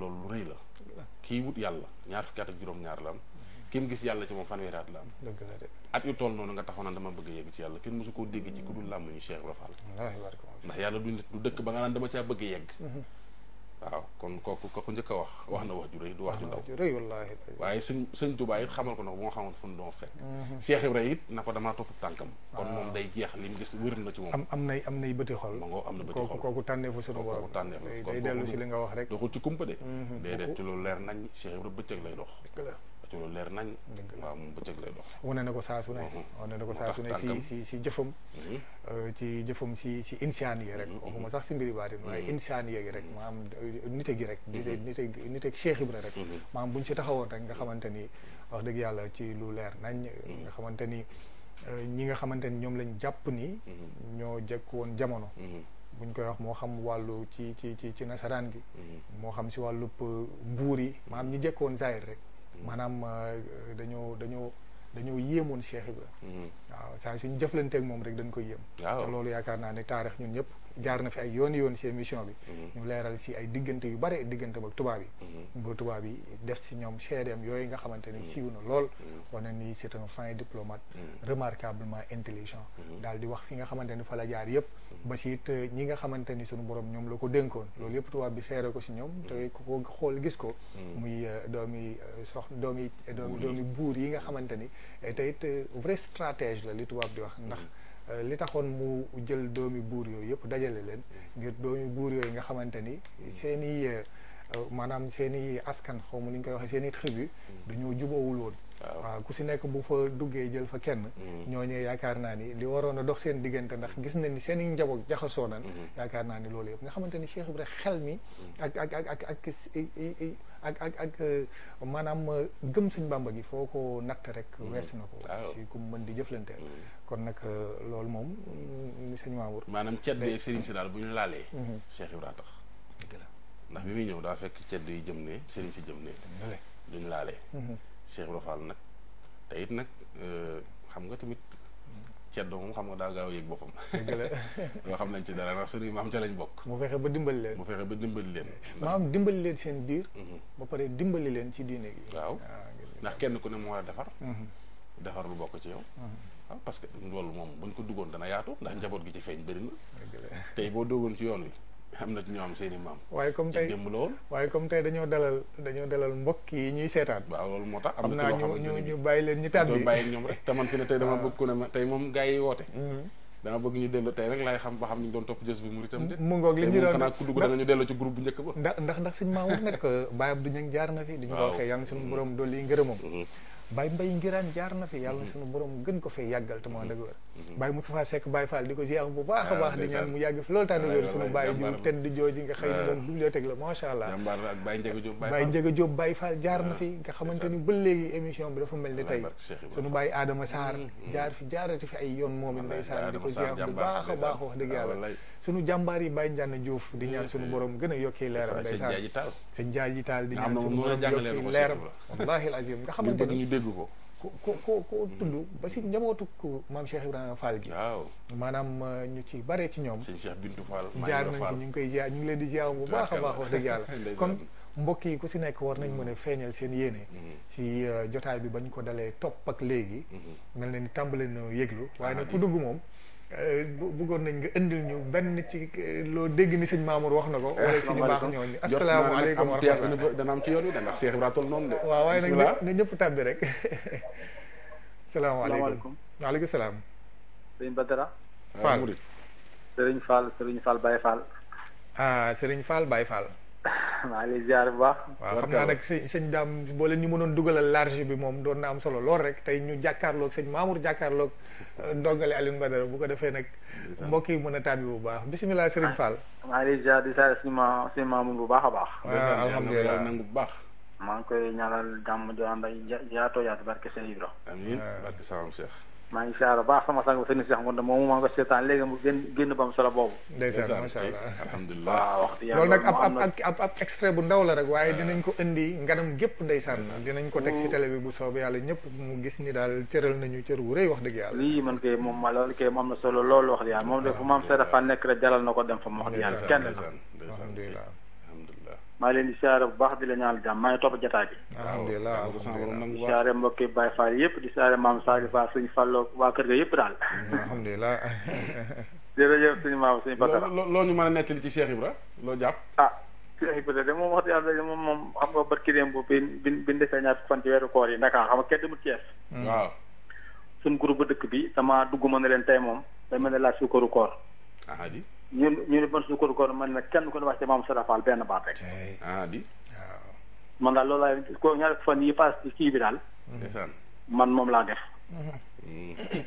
loolu lu rëy la. kii wut yàlla ñaar fukki ak juróom-ñaar la ki mu gis yàlla ci moom fan at la am. dëgg yu toll noonu nga taxoon naan dama bëgg a yegg ci yàlla kenn mosu koo dégg ci ku dul làmm ñu Cheikh Ibra Fall. ndax mhm. kon kooku kooku njëkk wax wax na wax ju rëy du wax ju ndaw waaye sëñ sëñ Tuubaa it xamal ko na bu xamoon fu mu doon fekk mhm. na ko damaa topp tànkam kon ah. day jeex li mu gis wér na ci moom am am nay am nay bëti xol am na bëti xol kooku tànneefu suñu borom si li nga wax rek doxul ci kumpa de mhm. déedéet ci loolu leer nañ Cheikh Ibra bëccëg lay dox ci lu leer nañ. waaw moom bëccëg lay wane na ko saa su ne. wane na ko saa su ne si si si jëfam. Euh, ci jëfam si si insaan yi rek. waxuma sax si mbiri baatin waaye insaan yi rek maam euh, nite gi rek. nit nite nite Cheikh Ibra rek. maam bu ñu si taxawoon rek nga xamante ni wax dëgg yàlla ci lu leer nañ. nga xamante ni euh, ñi nga xamante ni ñoom lañ jàpp ni. ñoo jekk woon jamono. buñ koy wax moo xam wàllu ci ci ci ci nasaraan gi. moo xam si wàllu buur yi maam ñi jekkoon zaahir rek. maanaam euh, dañoo dañoo dañoo yéemoon Cheikh Ibra mm-hmm. waaw saa suñu jëflanteeg moom rek dañ koy yem te loolu yaakaar naa ne taarix ñun ñëpp jaar na fi ay yoon yoon si émission bi mhm. ñu leeral si ay diggante yu bare diggante ba tubaab yi mhm. ba tubaab yi def si ñoom CDM yooyu nga xamante ni mhm. siiw na lool wane ni c'est un fin diplomate remarquablement intelligent daal di wax fi nga xamante ni fa la jaar yëpp ba si it euh, ñi nga xamante ni sunu borom ñoom la ko dénkoon loolu yëpp tubaab bi seere ko si ñoom te ko xool gis ko muy euh, doomi euh, sox doomi doomi doomi buur yi nga xamante ni te it vrai stratège la li tubaab di wax ndax li taxoon mu jël doomi buur yooyu yëpp dajale leen ngir doomi buur yooyu nga xamante ni seen i maanaam seen i askan xaw ma ni ñu koy waxee seen i tribu dañoo juboowul woon waaw ku si nekk bu fa duggee jël fa kenn ñoo ñooñee yaakaar naa ni li waroon a dox seen diggante ndax gis nañ ni seen i njaboot jaxasoo nañ yaakaar naa ni loolu yëpp nga xamante ni Cheikh Ibrahima xel mi ak ak ak ak ak ak ak ak euh, maanaam euh, gëm sëñ ba gi foo ko natt rek mm. wees na ko si ku mën di jëflanteel mm. kon nag euh, loolu moom ni mm, sëñ Mamour maanaam cedd ak sëriñ si daal bu ñu laalee mm-hmm. Cheikh Ibra tax ndax bi muy ñëw daa fekk cedd yi jëm ne sëriñ si jëm ne duñ laalee mm-hmm. Cheikh Ibra Fall nag te nag xam nga tamit ceddo moom xam nga daa gaaw yëg boppam [LAUGHS] yoo xam nañ ci dara ndax suñuy maam ca lañ bokk mu fexe ba dimbali leen mu fexe ba dimbali leen maam dimbali leen seen biir mm-hmm. ba pare dimbali leen ci diine gi waaw ah, ndax kenn ku ne mu war a defar mm-hmm. defar lu bokk ci yow waaw mm-hmm. ah, que loolu moom buñ ko duggoon dana yaatu ndax njaboot gi ci feeñ bëri tey boo doogoon ci yoon wi am na ñoo am seen i maam. waaye comme tey démb la woon waaye comme tey dañoo dalal dañoo dalal mbokk yi ñuy seetaan. waaw loolu moo tax am na ci loo xamante ne ñu leen ñu tàbbi bàyyi ñoom rek te man fi ne tey dama [LAUGHS] bëgg ku ne ma tey moom gars yi woote. Mm-hmm. dama bëgg ñu dellu tey rek laay xam ba xam ni ñu doon topp jës bu mu itam de. mu ngoog li ñu doon xanaa ku dugg da nga ñu dellu ci groupe bu njëkk ba. ndax ndax [LAUGHS] jaar na fi. di ñu ko waxee yàlla suñu borom dolli mm-hmm. jaar na fi yàlla suñu borom gën ko fay yàggal te moo dëgg wër Mhm. Baye Moustapha Seck Baye Fall di ko ziar bu baax a ah, baax di ñaan mu yàgg fi loolu tànn wér suñu Baye ju tedd jooji nga xëy ni moom ah. la macha allah Baye Ndiaga Diop Baye Fall jaar na ah, fi nga xamante ni ba léegi émission bi dafa mel ni tey suñu Baye Adama Sarr mm, mm. jaar fi jaarati fi ay yoon moom it ndeysaan di ko ziar bu baax a baax wax dëgg yàlla suñu jàmbaar yi Baye Ndiane Diouf di ñaan suñu mm, borom gën a yokkee leeram ndeysaan sëñ Jaaji Taal di ñaan suñu borom yokkee leeram wallaahi alazim nga xamante ni ñu ko ku ku ku ku tudd ba si njabootu maam Cheikh Ibrahima Fall gi. maanaam euh, ñu ci bare ci ñoom. sëñ Cheikh Bintu Fall. jaar nañ ñu ngi koy jaar ñu ngi leen di jaar bu baax a baax wax dëgg yàlla [LAUGHS] kon mbokk yi ku si nekk war nañ mm-hmm. mën a feeñal seen yéene. Mm-hmm. si euh, jotaay bi bañ ko dalee topp ak léegi. Mm-hmm. mel na ni tàmbali na yëglu waaye nag ku dugg moom. bëggoon nañ nga indil ñu benn ci loo dégg ni sëñ Mamour wax na ko. wala si ñu baax ñooñu asalaamaaleykum wa rahmatulah yoon wi dana Cheikh Ibrahima toll noonu de. waaw waaye nag na ñëpp tàbbi rek. [LAUGHS] salaamaaleykum waaleykum salaam. sëñ Badara. Fall Serigne Fall Serigne Fall Baye Fall. ah Serigne Fall Baye Fall. maa jaar bu baax. waaw xam naa nag sëñ sëñ daam boo leen ñu mënoon dugalal large bi moom doon na am solo lool rek tey ñu jàkkaarloog sëñ Mamour jàkkaarloog euh, ndongale Alioune Badara bu ko defee nag. mbokk yi mën a taat bu baax bisimilah Serigne Fall. maa ngi lay ma suñu bu baax a baax. waaw alhamdulilah bu baax. maa ngi koy ñaanal jàmm joo ànd ak ja jaatoo yaatu barke Sëñ Ibra. amiin barke Salam Cheikh. maa ngi siyaar baax sama sang ba sëñ Cheikh Ngonda moomu maa ngi ko seetaan léegi mu génn ba am solo boobu. ndeysaan macha allah alhamdulilah bu ndaw la rek waaye dinañ ko indi nganam gépp ndeysaan sax mm. dinañ ko teg si télé bi bu soobee yàlla ñëpp mu gis ni daal cëral nañu cër wu rëy wax dëgg yàlla lii man kay moom ma loolu kay moom am na solo loolu wax dëgg yàlla moom de fu ma am fa nekk rek jalal na ko dem fa ma wax dëgg yàlla kenn alhamdulilah maa leen di siyaare bu baax di la ñaanal jàmm maa ngi topp jotaay bi. alhamdulilah alhamdulilah di siyaare mbokki Baye Fall yëpp di siyaare maam Sali Fall suñu falloo waa kër ga yëpp daal. alhamdulilah. [LAUGHS] jërëjëf suñu maam suñu bakara. loo ñu mën a ci Cheikh Ibra loo jàpp. ah Cheikh Ibra de moom wax dëgg yàlla moom moom xam nga barki démb bi bi bi ndefee ñaar fan ci weeru koor yi Dakar xam nga kenn demul Thiès. Hmm. waaw. groupe dëkk bi sama dugg ma ne leen tey moom day ne laaj koor. ah di. ñu ñu ne ko suñu kóor góor man nag kenn ku ne wax ci maam Sada Fall benn baat rek. ah di waaw. man daal loolu laay ko ñaar fan yi paas kii bi daal. man moom laa def. Mm-hmm.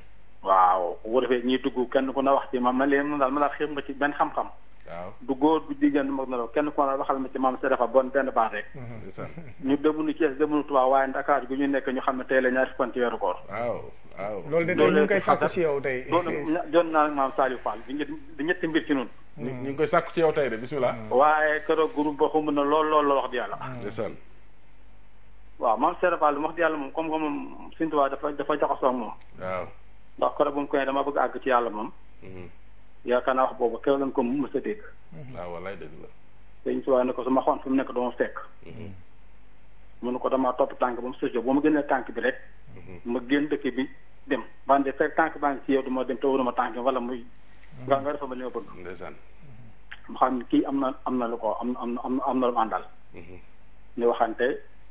waaw bu defee ñuy dugg kenn ku ne wax ci ma ma léegi man daal man daal xeeb nga ci benn xam-xam. waaw du góor du jigéen du mag na la kenn ko la waxal ma ci maam si dafa bon benn baat rek. Mhm, [LAUGHS] ñu demunu Thiès demunu Touba waaye Dakar gu ñu nekk ñu xam ne tey la ñaari fan ci weeru koor. waaw waaw loolu de tey ñu koy sàkku ci yow tey. doon naa maam Saliou Fall di ñetti mbir ci ñun. ñu ngi koy sàkku ci yow tey de bisimilah. Mm. waaye keroog groupe ba xumb na lool lool la wax di yàlla. Mm. waaw maam Serap Fall wax di yàlla moom comme que moom suñu tubaab dafa dafa jaxasoo ak moom. waaw ndax keroog bu mu koy dama bëgg àgg ci yàlla moom. Mm-hmm. yaakaar naa wax boobu kew lañ ko mës a dégg. waaw mhm. ah, wallaay dëgg la. sëñ su ma xoon fi mu nekk dama fekk. Mhm. mu ne ko dama topp tànk ba mu sëjoo ba ma génnee tànk bi rek. Mhm. ma génn dëkk bi dem bande fekk tànk baa ngi ci yow du ma dem te wóoruma tànk wala muy. nga nga dafa ma li ma mu xam ne am na am na lu ko am na am na am na lu mu àndal. ñu waxante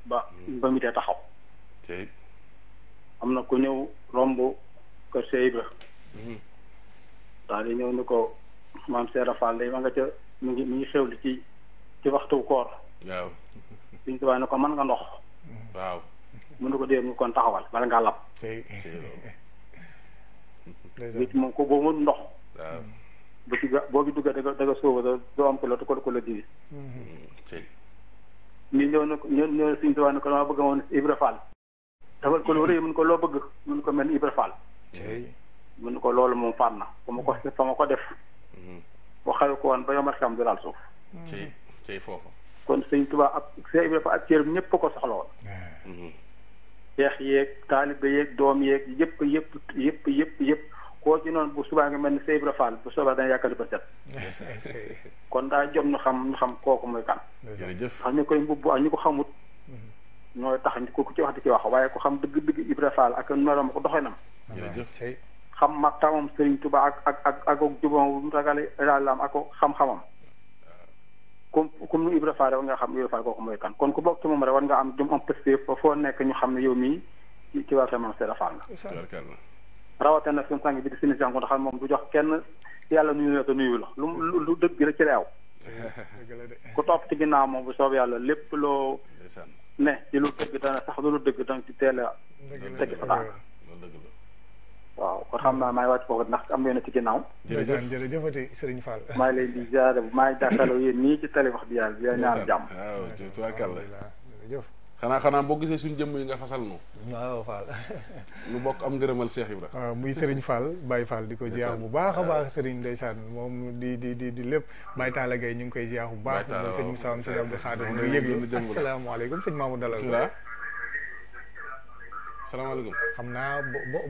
ba ba mu dee taxaw. am na ku ñëw romb kër Cheikh daal di ñëw ni ko maam Seera Fall day ma nga ca mu ngi mu ngi ci waxtu koor. waaw. suñ tubaab ko mën nga ndox. waaw. na ko dégg nga kon taxawal bala ngaa [LAUGHS] ndox. waaw. boo gi duggee da nga am ko la ko ko la diwi. Mm-hmm. tey. ñëw na ñëw ñëw na suñ ko dama bëgg mun ko loo bëgg ko mel ni Ibra mu ni ko loolu moom faat na fa ma ko fa mm-hmm. ko def mm-hmm. waxal ko woon ba yomal xam du laal suuf mm-hmm. ci ci foofu kon sëñ Tuubaa ak Seex Ibra ak cër ñëpp ko soxla woon seex yeeg taalibe yeeg doom yeeg yëpp yëpp yëpp yëpp yëpp koo ci noonu bu subaa nga mel ni Seex Ibra Faal bu subaa dana yàkkali ba set [LAUGHS] kon daa jom ñu xam ñu xam kooku muy kan jërëjëf ñu koy mbubbu ak ñu ko xamut ñooy tax ñu ko ku ci wax di ci wax waaye ku xam dëgg dëgg Ibra Faal ak norom ko doxinam jërëjëf xam maqamam Serigne Touba ak ak ak ak ak jubam ragale ragalaam ak xam-xamam. comme comme nu Ibra Faare war nga xam Ibra Faare kooku mooy kan kon ku bokk ci moom rek war nga am jum am pësté fa foo nekk ñu xam ne yow mii ci waa Maam Seera Faal nga rawatina suñu sàng bi di sini moom du jox kenn yàlla nuyu la te nuyu la lu lu dëgg rek ci reew ku topp ci ginnaaw moom bu soob yàlla lépp loo ne ci lu dëgg dana sax lu dëgg danga ci teel a teg fa waaw kon xam naa maay wàcc foofu ndax am ngeen a ci ginnaaw. jërëjëf jërëjëfati Sëriñ Fall. maa ngi leen di ziare maa ngi jàkkaarloo yéen nii ci tali wax bi yàlla di leen ñaan jàmm. waaw tubaarkàlla jërëjëf. xanaa xanaa boo gisee suñ jëmm yi nga fasal nu waaw Fall. lu bokk am ngërëmal Cheikh Ibra. waaw muy Serigne Fall Baye Fall di ko ziar bu baax a baax dey saan moom di di di di lépp Baye Talla Gueye ñu ngi koy ziar bu baax. Baye Talla waaw moom sëñ Moussa Moussa Abdou Khadim. asalaamaaleykum sëñ Mamadou Dalal salaamaaleykum xam naa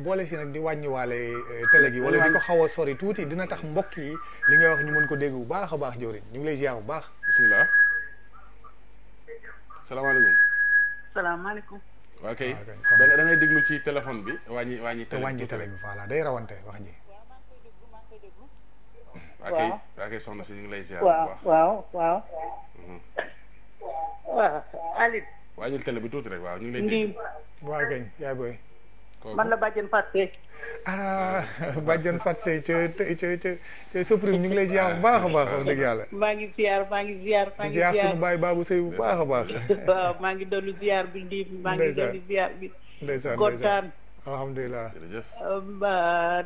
boole si nag di wàññiwaale eh, télé gi wala di ko xaw a sori tuuti dina tax mbokk yi li nga wax ñu mën ko dégg bu baax a baax jëwriñ ñu ngi lay ziar bu baax bisimilah salaamaaleykum salaamaaleykum waa kay da ngay déglu ci téléphone bi wàññi wàññi télé wàññi télé bi voilà day rawante wax ji waa kay waa kay soxna si ñu ngi lay ziar bu baax waaw waaw mhm. waaw waaw Aliou waajal télé bi tuuti rek waaw ñu ngi lay dégg. waaw kañ yaay booy. man la Badiane Fatou ah [LAUGHS] Badiane Fatou ca ca ca ca Soprim ñu ngi lay ziar bu baax a baax wax dëgg yàlla. maa ngi ziar maa ngi ziar. maa ngi ziar suñu baay baabu sëy bu baax a baax. [LAUGHS] waaw maa ngi dolli ziar bi ndiim. maa ngi dolli ziar bi. ndeysaan ndeysaan kontaan. alhamdulilah jërëjëf.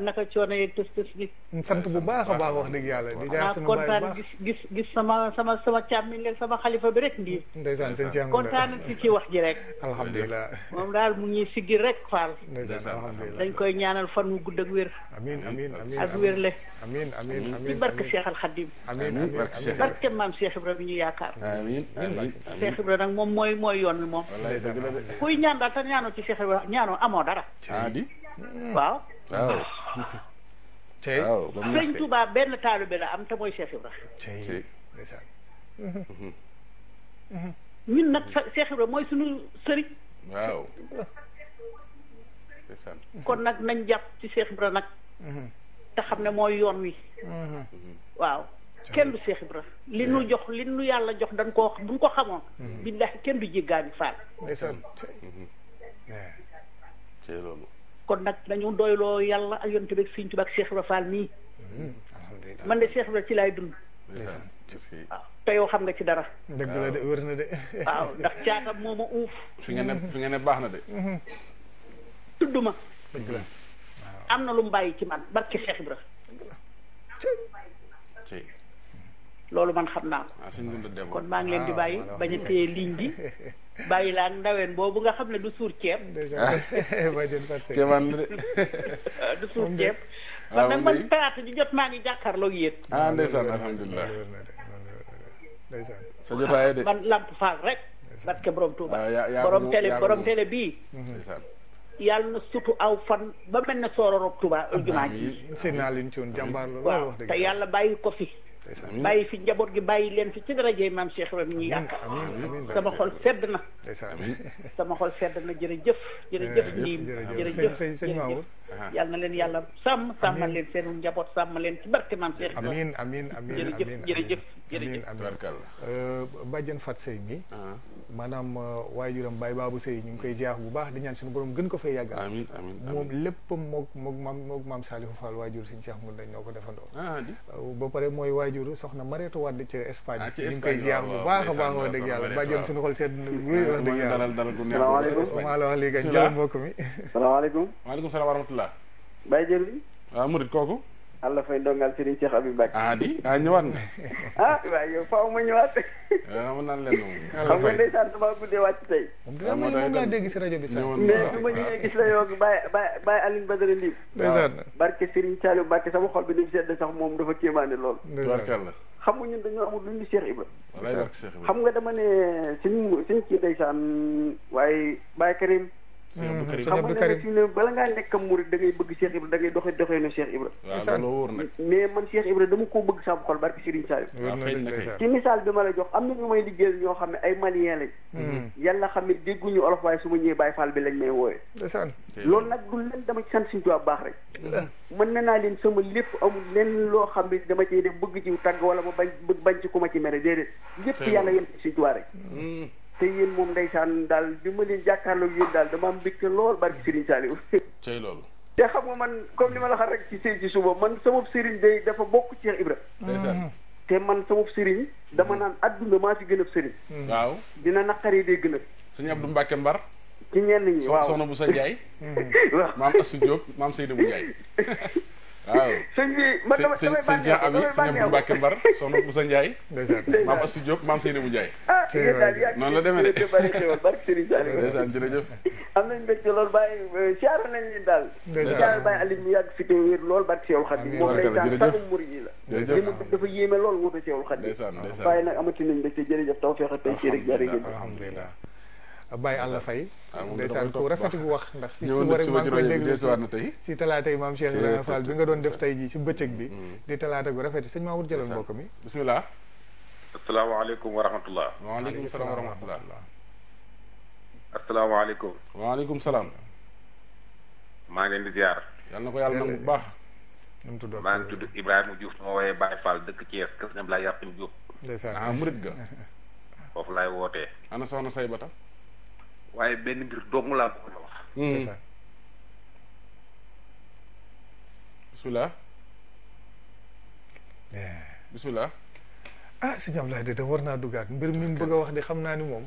naka coono yeeg tës-tës bi. sant bu baax a baax wax dëgg yàlla. di jaay sunu baay bu baax kontaan gis gis gis sama sama sama càmmiñ leen sama xalifa bi rek ndiir. ndeysaan seen ci kontaan ci wax ji rek. alhamdulilah moom daal mu ngi rek faal. ndeysaan alhamdulilah dañ koy ñaanal fan wu gudd ak wér. amiin amiin amiin ak wér le. amiin amiin amiin ci barke Cheikh Al Khadim. amiin amiin barke Cheikh maam Cheikh Ibra bi ñu yaakaar. amiin amiin Cheikh Ibra nag moom mooy mooy yoon wi moom. kuy ñaan daal te ñaanoo ci Cheikh Ibra ñaanoo amoo dara ah hmm. di. waaw. waaw. [LAUGHS] tey ba mu nekk sëñ Touba benn taalibe la am te mooy Cheikh Ibra. Hmm. mooy suñu sëriñ. kon nag nañ jàpp ci Cheikh Ibra nag. Hmm. te xam ne mooy yoon wi. waaw. kenn du Cheikh Ibra li nu jox li nu yàlla jox dañ koo buñ ko xamoon. billahi kenn du jéggaani faal. ndeysaan. kon nag dañu doyloo yàlla ak yonent bi ak Sëriñ Tuubaa ak Cheikh Ibra Fall mii hmm, man de Cheikh ci lay dund waaw ah, te yow xam nga ci dara dëgg la de wër na de [LAUGHS] waaw ndax caatam moo ma uuf fi nga ne fi nga ne baax na de hmm. tudd ma hmm. am na lu mu bàyyi ci man barke Cheikh Ibra loolu man xam naa ko ah, kon maa ngi leen di ah, bàyyi bañ a téye ligne bi [LAUGHS] bàyyi la ak ndaween boobu nga xam ne du suur ceeb. [LAUGHS] kéemaan la de. [LAUGHS] du suur ceeb. Ah, kon nag man talaata di jot maa ngi jàkkaarloog yéen. ah ndeysaan alhamdulilah. sa jotaay de man Lamp Fall rek. parce que borom Touba ah, borom télé borom télé bii. Mhm. yàlla na sutu aw fan ba mel ne a Touba ah, jumaa ji. seen naa leen ci woon jàmbaar la loolu wax dëgg te yàlla bàyyi ko fi. bàyyi fi njaboot gi bàyyi leen fi ci darajey maam Cheikh Ibrahima ñu yaakaar sama xol sedd na sama xol sedd na jërëjëf jërëjëf jërëjëf sëñ Mamour yal na leen yàlla sàmm sàmmal leen seenu njaboot sàmm leen ci barke maam Cheikh amiin amiin amiin jërëjëf jërëjëf jërëjëf amiin bàjjen Fat Sey mi maanaam euh, waajuram Baye Babou Sey ñu ngi koy ziar bu baax di ñaan suñu borom gën ko fay yàggal amiin amiin moom lépp moog moog maam moog maam Saliou Fall waajur suñu Cheikh mun dañ ñoo ko defandoo ah, euh, ba pare mooy waajur soxna Mariétou Wade ci Espagne ah, ñu ngi koy ziar bu baax a dëgg yàlla bàjjen suñu xol seet wéy wax dëgg yàlla maa la wax léegi ak jërëm mbokk mi salaamaaleykum waaleykum salaam Baye Jël bi. waaw ah, Murit kooku. Allah fay dongal Serigne Cheikh Habib Mbacke. ah di ah ñëwaat nga. [LAUGHS] ah waaw fa faaw ma ñëwaat. waaw [LAUGHS] ah, mun naan leen moom. xam nga ndeysaan damaa guddee wàcc ah, moo tax dégg si rajo bi sax. mais gis la yow Baye Baye Baye Alioune Badara Ndim. ndeysaan barke Serigne Saliou Mbacke sama xol bi ni mu sax moom dafa kéemaane lool. ndeysaan xam nga ñun dañoo amul lu ñu Cheikh Ibra. xam nga dama ne suñ suñ kii ndeysaan waaye Baye Karim. sëñ Abdou mhm. Karim xam nga bala ngaa nekk murid da ngay bëgg Cheikh Ibra da ngay doxe doxee na Cheikh Ibra waaw loolu wóor nag mais man Cheikh Ibra dama koo bëgg sama xol barki Serigne Saliou ci misaal la ñoo xam ne ay malien lañ mhm. yàlla xam ne dégguñu olof waaye su ma ñëwee Baye Fall bi lañ may wooyee loolu nag du leen dama ci sant Serigne Touba baax rek mën na naa leen sama lépp amul leen loo xam ne dama ciy def bëgg ci tagg wala ma bañ bañ ci ku ma ci mere déedéet lépp yàlla yem ci Serigne rek mm. te yéen moom ndeysaan daal bi ma leen jàkkaarloo yéen daal dama am mbégte lool barki Serigne Saliou. tey loolu. te xam nga man comme li ma la xam rek ci sëy ci suba man sama Serigne day dafa bokk ci Cheikh Ibra. te man sama Serigne dama naan adduna maa ci gën a mm. waaw dina naqaree day gën a. sëñ Abdou Mbacke Mbar. ci ñenn ñi waaw soxna bu sa Ndiaye. [LAUGHS] waaw maam Assou Diop bu Ndiaye. [LAUGHS] waaw sëñ bi man damay damay bànneew sëñ Abdou Mbacke Mbar soxna Moussa Ndiaye. maam Assou Diop maam Seynabou Ndiaye. ah yéen daal yaa ngi ciy jërëjëf am nañ mbégte lool bàyyi moom lay tax tàggu mur yi la. jërëjëf li dafa yéeme lool wuute Sewul Xadim. ndeysaan ndeysaan nag amati nañ mbégte jërëjëf taw fexe tey ci rek jërëjëf alhamdulilah bàyyi Allah fay ah, ndeysaan ku rafet bu wax ndax si suba rek maa ngi si talaata yi maam Cheikh Ibrahima Fall bi nga doon def tey jii si bëccëg bi hmm. di talaata gu rafet sëñ Mamour jëlal mbokk mi bisimilah asalaamaaleykum wa rahmatullah waaleykum salaam wa rahmatullah asalaamaaleykum waaleykum salaam maa ngi leen di ziar yal na ko yàlla nangu bu baax maa ngi tudd Ibrahima Diouf moo woowee Baye Fall dëkk Thiès kër Sëñ Abdoulaye Yacine Diouf ndeysaan ah murit ga foofu laay wootee ana soxna say bata waaye benn mbir dong laa bëgg a wax. Hmm. c'est ça. bisimilah. Eh. bisimilah. ah sëñ Ablaye de war naa dugaat mbir mi mu bëgg a wax de xam naa ni moom.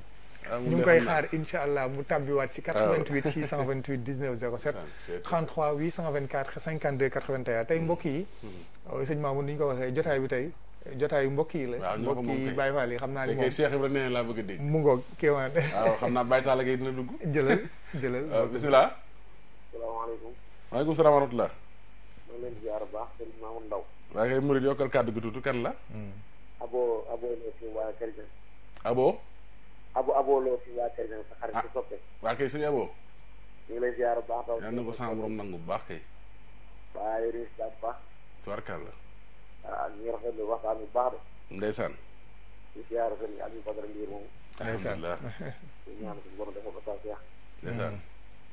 Ah, ñu ngi koy xaar incha allah mu tàbbiwaat si 88 628 19 07 33 824 52 81 tey mbokk yi. Hmm. sëñ Mamoun ni ñu ko waxee jotaay bi tey. jotaayu mbokk yi la. waaw ñoo ko mbokk yi Baye Fall yi xam naa ne moom. Cheikh Ibrahima nee na laa bëgg a dégg. mu ngoog kéemaan. waaw xam naa Baye Talla kay dina dugg. [LAUGHS] jëlal jëlal. Euh, baax sëñ Mamour Ndao. kàddu gi tuuti kan la. Hmm. abo abo loo ah. kay sëñ abo. ñu ngi lay baax. na bu baax kay. waaye résultat bu ah ñu ngi rafetlu waxtaan bu baax de. ndeysaan. di siyaare sëriñ Aliou Badara Ndiir moom. alhamdulilah [LAUGHS] di ñaan suñu borom defal ko tawfeex. ndeysaan.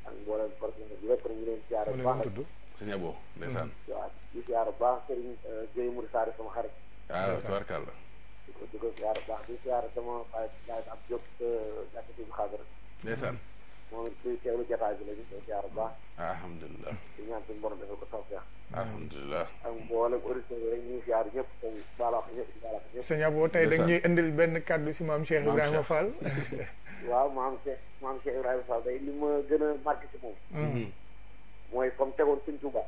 ak mboolem personne bi rek ñu leen siyaare bu baax tudd sëñ Abo ndeysaan. Mm-hmm. waaw di bu baax sëriñ euh, Guèye Mouride Sarr sama xarit. waaw ah, tabarkàlla. di ko di ko siyaare bu baax di siyaare sama bàyyi bàyyi ab jóg jàkk si xaadara. ndeysaan. moom it kuy teewlu jataay bi alhamdulilah. di ñaan suñu borom defal ko tawfeex alhamdulilah ak mboolem auditeurs yi rek ñu ngi siyaar ñëpp tey baalax ñëpp baalax ñëpp tey dañ indil benn kàddu si maam Cheikh Ibrahima Fall [LAUGHS] waaw maam Cheikh maam li ma gën a marqué si moom mm-hmm. Mm-hmm. mooy comme tegoon sëñ Touba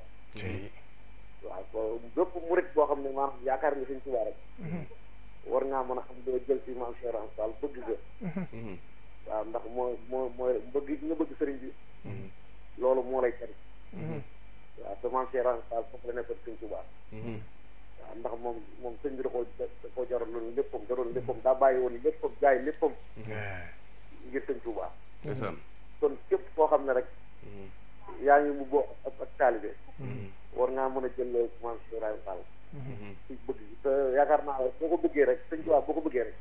waaw ko bépp murit boo xam ne maam yaakaar nga sëñ Touba rek mm-hmm. war ngaa mën a xam doo jël si maam Cheikh bëgg ga waaw ndax moo moo mooy bëgg nga bëgg sëriñ bi loolu moo lay tari waaw semencière daal foofu la nekkoon sëñ Tuubaa mhm. waaw ndax moom moom sëñ bi da koo da koo jaroon loolu léppam jaroon léppam daa bàyyi woon léppam jaay léppam mhm. ngir sëñ Tuubaa kon képp koo xam ne rek mhm. yaa ngi mu bokk ak ak war ngaa mën a jël loolu semence Ibrahima Fall ci bëgg te yaakaar naa la boo ko bëggee rek sëñ Tuubaa boo ko bëggee rek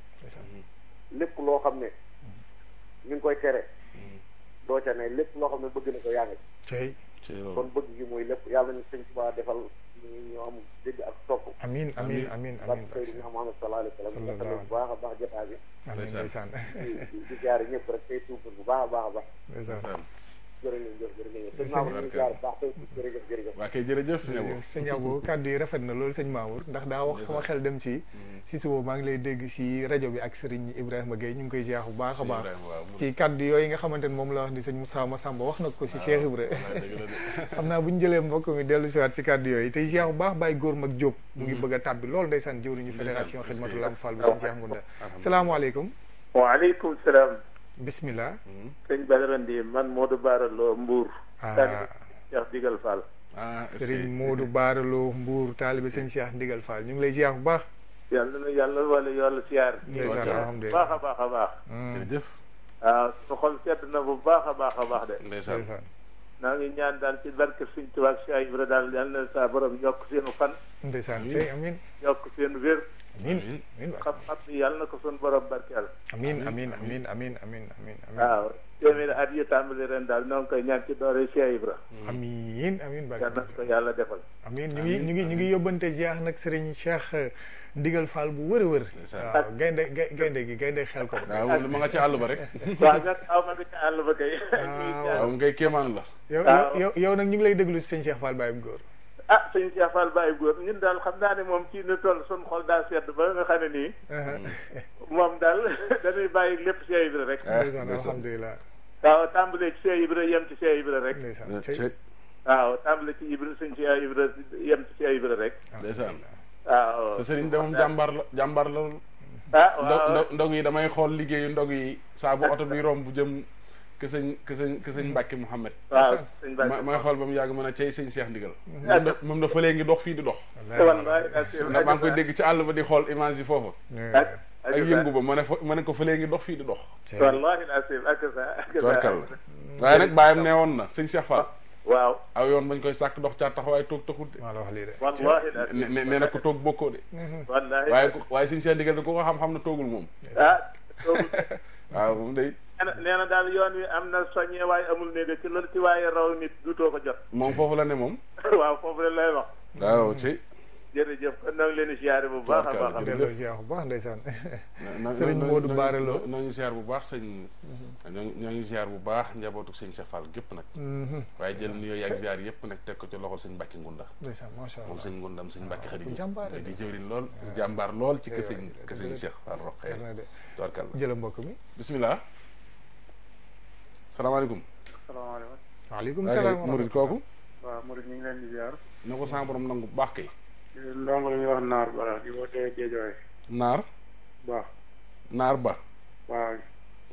lépp loo xam ne ñu ngi koy tere doo ca ne lépp loo xam ne bëgg na ko yaa ngi kon bëgg gi mooy lépp yàlla nañu sëñ Tuubaa defal ñu am dégg ak topp amiin amiin amiin amiin Seydina Muhammad sallallahu alayhi wa sallam bu baax a baax jotaay bi ndeysaan di jaar ñëpp rek tey tuubal bu baax a baax a baax jërëjëf jërëjëf waa kay jërëjëf sëñ Abo sëñ yi rafet na loolu sëñ Mamour ndax daa wax sama xel dem si mm-hmm. si suba maa ngi lay dégg si rajo bi ak sëriñ Ibrahima Gueye ñu ngi koy ziar bu baax a baax ci kàddu yooyu nga xamante ne moom la wax ni sëñ Moussa Massamba wax na ko si Cheikh ah, Ibra [LAUGHS] xam naa bu ñu jëlee mbokk mi dellu siwaat ci kàddu yooyu te ziar bu baax baay góor mag Diop mu ngi mm-hmm. bëgg a tàbbi loolu ndeysaan jëwriñu fédération xidmatul am fall bi ah, sëñ Cheikh Ngounda salaamaaleykum waaleykum salaam bismillah. Hmm. sëñ Badara Ndi man Modou Baara Lo Mbour. Ah. Cheikh Fall. ah sëriñ Modou Baara Lo Mbour taalibe sëñ Cheikh Ndigal Fall ñu ngi lay ziar bu baax. yàlla na yàlla wala yàlla siyaar. ndeysaan alhamdulilah baax baax a baax. Hmm. jërëjëf. Ah, su xol sedd na bu baax a baax de. ndeysaan naa ngi ñaan daal ci barke suñ tubaab si ay borom seenu fan. seenu amiin amiin xam-xam bi yàlla ko suñu borom barkeel. amiin amiin amiin amiin amiin amiin amiin. waaw at yi ren daal ñoo koy ñaan ci doore Cheikh Ibra. amiin amiin barkeel na yàlla defal. amiin ñu ngi ñu ngi ñu ngi yóbbante ziar nag Serigne Cheikh euh, Ndigal Fall bu wër wër. waaw gaynde gaynde gi gaynde xel ko. waaw ma nga ci àll ba rek. [LAUGHS] waaw nag aw ma nga ci àll ba kay. [LAUGHS] waaw waaw ngay kéemaan la. yow yow yow nag ñu ngi lay déglu si sëñ Cheikh Fall Baye Góor. ah sëñ Cheikh Fall Baye góor ñun daal xam naa ni moom ci nu toll suñ xol daal sedd ba nga xam ne nii. Uh-huh. moom daal [LAUGHS] dañuy bàyyi lépp Cheikh Ibra rek. rek. Ah, waaw tàmbale ci Ibra sëñ Cheikh Ibra yem ci Cheikh Ibra rek. ndeysaan. waaw sëriñ ah, de moom jàmbaar la jàmbar la ah waaw ndog yi damay xool liggéeyu ndog yi saa bu oto bi romb bu jëm. que sëñ que sëñ que sëñ mm-hmm. Mbacke mooy xool ba mu yàgg mën a cay sëñ Cheikh Ndigal. Mm-hmm. moom da moom da fëlee ngi dox fii di dox. wallaahi wallaahi maa ngi koy dégg ma ne ma ne ko fëlee ngi dox fii di dox. wallaahi ak sa sa waaye nag bàyyam ne woon na sëñ Cheikh Fall. waaw aw yoon bañ koy sàkk dox caa taxawaay toog taxul de. ko toog bokkoo de. Mm-hmm. waaye sëñ Cheikh Ndigal da ko xam-xam na toogul moom. ah toogul [LAUGHS] waaw moom day nee na daal yoon wi am na soññee waaye amul néega ci loolu ci waaye raw nit dutoo ko jot moom foofu la ne moom [LAUGHS] waaw foofu la lay wax waaw ci jërëjëf kon nag leen di siyaare bu baax a baax a baax bu baax ndeysaan [LAUGHS] sëriñ Modou Baare Lo ñoo ngi siyaar bu baax sëñ mhm. ñoo ngi siyaar bu baax njabootu sëñ Cheikh Fall nag mhm. waaye jël nuyoo yàgg siyaar yëpp nag teg ko ci loxol sëñ Mbàkke Ngunda ndeysaan macha Allah moom sëñ Ngundam sëñ Mbàkke Xadim di jëwriñ lool ah. jàmbaar lool ci kër sëñ kër sëñ Cheikh Fall Roqee tubarkalla jëla mbokk mi bismillah salaamaaleykum. salaamaaleykum. waaleykum salaam Murid kooku. waaw Murid ñu ngi leen di ziar. na ko sama borom nangu bu baax kay. ndongo la ñuy Naar Ba di Naar. Ba. Naar Ba. waaw.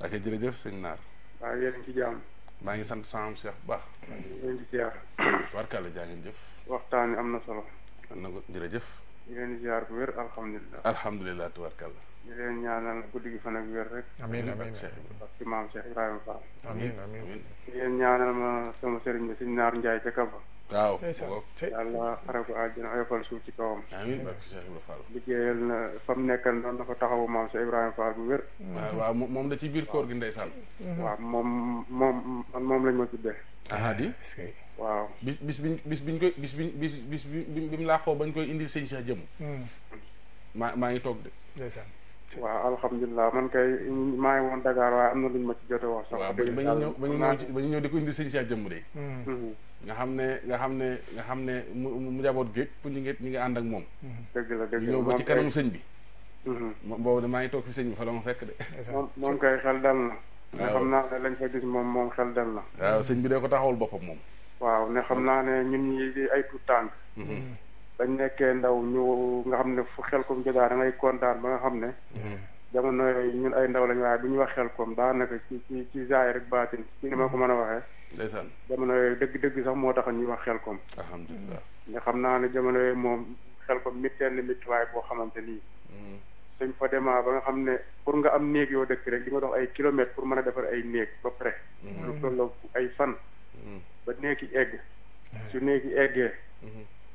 ak jërëjëf sëñ Naar. waaw yéen ci jàmm. baa ngi sant sama Cheikh bu baax. yéen ci ziar. warkalla jëf. waxtaan wi am na solo. am na ko jërëjëf. ñu leen di ziar ko wér alhamdulilah. alhamdulilah tubarkalla. di leen ñaanal guddi gi fan ak wér rek. parce que maam Cheikh Ibrahima ma sama sëriñ bi suñu naar Ndiaye ca Kaba. waaw yàlla xare ko àjjana oyofal ci kawam. amiin Cheikh Ibrahima Fall. liggéeyal na fa mu nekkan doon na waaw moom da ci biir koor gi ndeysaan. Mhm. moom moom man moom lañ ma tuddee. ah di. waaw bis bis bi bis biñ koy bis bi bis bis bi mu làqoo bañ koy indi sëñ Cheikh jëm. Mhm. maa maa ngi toog de. waaw alhamdulilah man kay maa ngi woon Dakar waaye am na luñ ma ci jote wax sax. waaw ba ñu ñëw ba ñu ñëw ba ñu ñëw di ko indi sëñ Cheikh jëmm de. Mm-hmm. nga xam ne nga xam ne nga xam mu mu njaboot géej pour ñu ngi ñu ngi ànd ak moom. Mm-hmm. dëgg la dëgg la ñëw ba ci kanamu sëñ bi. Mm-hmm. moom boobu maa ngi toog fi sëñ bi fa la ma fekk de. moom moom kay xel dal na. waaw xam moom moom xel dal na. sëñ bi de ko taxawul boppam moom. waaw ne xam naa ne ñun ñi ay tuut tànk. bañ nekkee ndaw ñu nga xam ne fu xel kom jógaa da ngay kontaan ba nga xam ne hmm. jamono ñun ay ndaw lañu waaye bu ñu wax xel koom daanaka ci ci ci zaay rek baatin ci ni ma ko mën a waxee. ndeysaan jamono yooyu dëgg dëgg sax moo tax ñu wax xel koom. alhamdulilah nga xam naa ne jamono yooyu moom xel koom mitteen mittuwaay boo xamante nii hmm. suñ fa demaa ba nga xam ne pour nga am néeg yoo dëkk rek di nga dox ay kilomètres pour mën a defar ay néeg ba pare. Hmm. lu ay fan. ba néeg yi egg. su néeg yi eggee.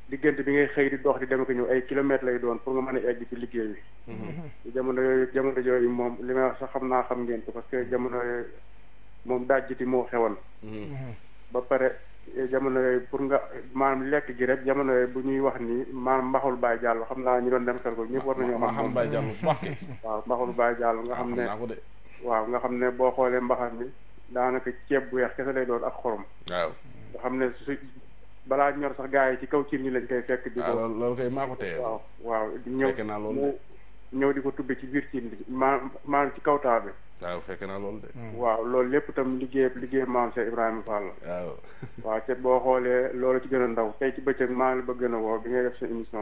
diggante bi ngay xëy di dox di dem ko ñëw ay kilomètres lay doon pour nga mën a egg ci liggéey bi mhm. jamono yooyu jamono yooyu moom li may wax sax xam naa xam ngeen ko parce que jamono yooyu moom dajjiti moo xewoon mhm. ba pare eh, jamono yooyu pour nga maam lekk gi rek jamono yooyu bu ñuy wax nii maam mbaxul Baye Diallo xam naa ñu doon dem kër ko ñëpp war nañoo xam Baye Diallo waaw mbaxul Baye Diallo nga xam ne ah, waaw nga xam ne boo xoolee mbaxal mi daanaka ceeb bu weex kese lay doon ak xorom balaa ñor sax gars yi ci kaw cin ñi lañ koy fekk. di ah, ko loolu kay maa ko waaw ñëw fekk naa loolu ñëw di ko tubbi ci biir cin bi maa maa ci kaw taa bi. waaw fekk naa loolu de. Hmm. waaw loolu lépp tam liggéey liggéey maam Cheikh Ibrahima Fall la. waaw. [LAUGHS] waaw boo xoolee loolu ci gën a ndaw tey ci bëccëg maa ngi la bëgg a woo bi ngay def sa émission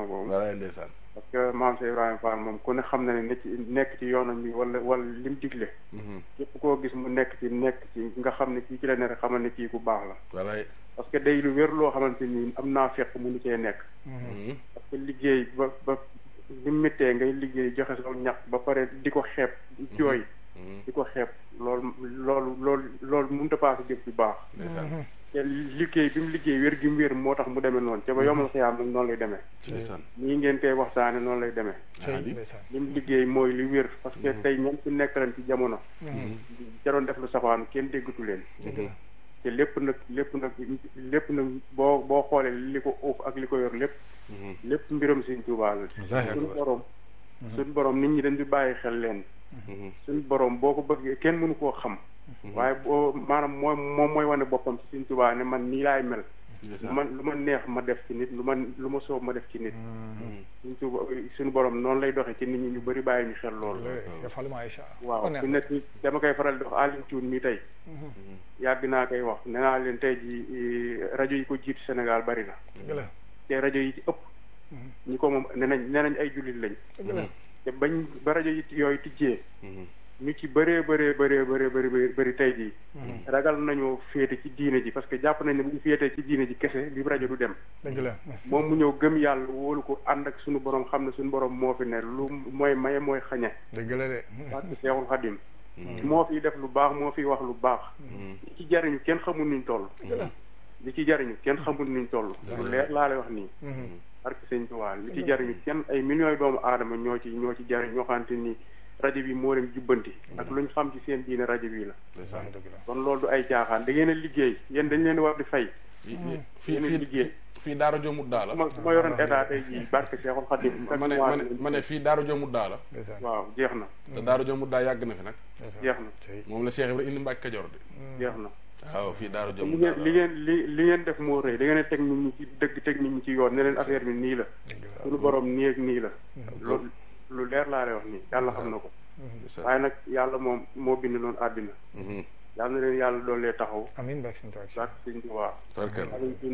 parce que maam Cheikh Ibrahima Fall moom ku ne xam na ne ci nekk ci yoonam bi wala wala lim digle. Hmm. képp koo gis mu nekk ci nekk ci nga xam ne kii ci la nekk xamal ne kii ku baax la. walaay. parce que day lu wér loo xamante ni am naa fekk mënu cee nekk. Mhm. parce que liggéey ba ba bi méttee ngay liggéey joxe sa ñax ba pare di ko xeeb. di mhm. jooy mhm. di ko xeeb lool loolu lool lool mun a paase jëf bu baax. te liggéey bi mu liggéey wér gi mu wér moo tax mu demee noonu ca ba yomal xiyaam nag noonu lay demee nii ngeen tey waxtaane noonu lay demee li mu liggéey mooy li wér parce que tey ñoom ci nekk ren ci jamono ca doon def lu safaan kenn déggatu leen te lépp nag lépp nag lépp nag boo boo xoolee li ko uuf ak li ko yor lépp. Mhm. lépp mbiram Sëñ Tuubaa la. suñu borom. Mhm. suñu nit ñi dañ di bàyyi xel leen. Mhm. suñu borom boo ko bëggee kenn mënu koo xam. waaye boo maanaam mooy moom mooy wane boppam ci Sëñ Tuubaa ne man nii laay mel. lu ma lu ma neex ma def ci nit lu ma lu ma soob ma def ci nit. Mm. suñu borom noonu lay doxee ci nit ñu bëri bàyyi ñu xel loolu. waaw fi ne dama koy faral di wax Alioune Tune mi tey. Mm-hmm. yàgg naa koy wax nenaa naa leen tey ji rajo yi ko jiitu senegal bari la te rajo yi ci ëpp. Mm-hmm. ñi ko moom nee nañ ay jullit lañ. te bañ ba rajo yi yooyu tijjee. Mm-hmm. ñu ci bëree bëree bëree bëree bëri bëri tey jii. Mhm. ragal nañoo féete ci diine ji parce que jàpp nañ ne bu ñu féetee ci diine ji kese li rajo du dem. dëgg la moom mu ñëw gëm yàlla wóolu ko ànd ak suñu borom xam ne suñu borom moo fi ne lu mooy maye mooy xañe. dëgg la de. parce que Seexul Xadim mhm. moo fi def lu baax moo fi wax lu baax. Mhm. li ci jariñu kenn xamul nuñ toll. li ci jariñu kenn xamul nuñ toll. lu leer laa lay wax nii. parce que sëñ Tuubaa li ci jariñu kenn ay millions doomu aadama ñoo ci ñoo ci jariñ ñoo xamante ni. rajo bi moo leen jubbanti ak lu ñu xam ci seen diine rajo bi la kon loolu du ay caaxaan da ngeen a liggéey yéen dañ leen war di fay fii hmm. fii fii daara joomut daa la ma yoroon état tey jii barke Seexul Xadim ma ne ma ne daa la waaw jeex na te daara joomut daa yàgg na fi nag jeex na moom la Seex Ibra indi Mbàkke Kajoor de hmm. jeex na waaw fii daara joomut daa la li ngeen li li ngeen def moo rëy da ngeen a teg nit ñi ci dëgg teg nit ñi ci yoon ne leen affaire bi nii la suñu borom nii ak nii la hmm. loolu lu leer laa lay wax nii yàlla xam na ko waaye nag yàlla moom moo bind noonu àddina mhm. yàlla na leen yàlla doole taxaw amiin bak sin toog bak sin tuwaa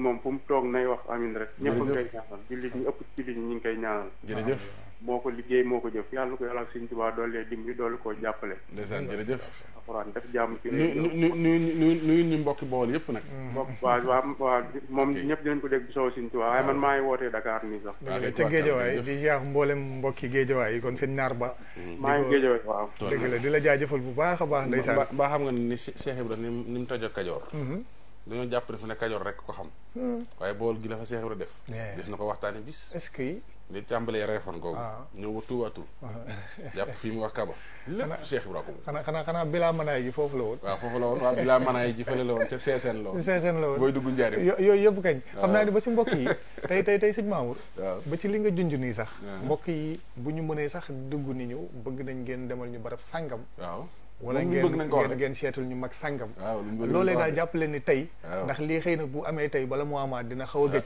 moom fu mu toog nay wax amin rek ñëpp a ngi koy ñaanal jullit ñu ëpp jullit ñi ngi koy ñaanal jërëjëf moo ko liggéey moo ko jëf yàlla ko yàlla ak suñ tubaab doole dimbali doole koo jàppale. ndeysaan jërëjëf. alxuraan def nu nu nu nu ñu mbokki bool yëpp nag. mbokk waaw waaw moom ñëpp dinañ ko dégg soo suñ tubaab waaye man ah. maa ngi wootee Dakar nii sax. Ah, waaw ca Géejawaay di yaax mboolem mbokki Géejawaay yi kon sëñ Naar Ba. Mm. maa ngi Géejawaay waaw. dëgg la di la jaajëfal bu baax a baax. ndeysaan ba ba xam nga ni Cheikh Ibra ni mu ni mu tojoo Kajoor mm-hmm. dañoo jàpp ne fu ne rek ko xam mm. waaye bool gi la fa Cheikh Ibra def des na ko waxtaane bis est-ce di tàmbalee reefan googu. waaw ah. ñëw ba tuubaatu. [LAUGHS] jàpp fii mu wax Kaba. lépp Cheikh Ibrahima ko. xanaa xanaa xanaa bilaa manaay ji foofu la woon. waaw foofu la woon waaw bilaa manaay ji fële la woon ca CSN la woon. CSN la woon booy dugg Njaaréem. yooyu yëpp kañ. xam ni ba mbokk yi Mamour. ba ci li nga sax. mbokk yi sax dugg ni ñu bëgg nañ demal ñu waaw wala ngeen ngeen seetul ñu mag sàngam loolee daal jàppale ni tey ndax lii xëy na bu amee tey bala mu amaat dina xaw a gëj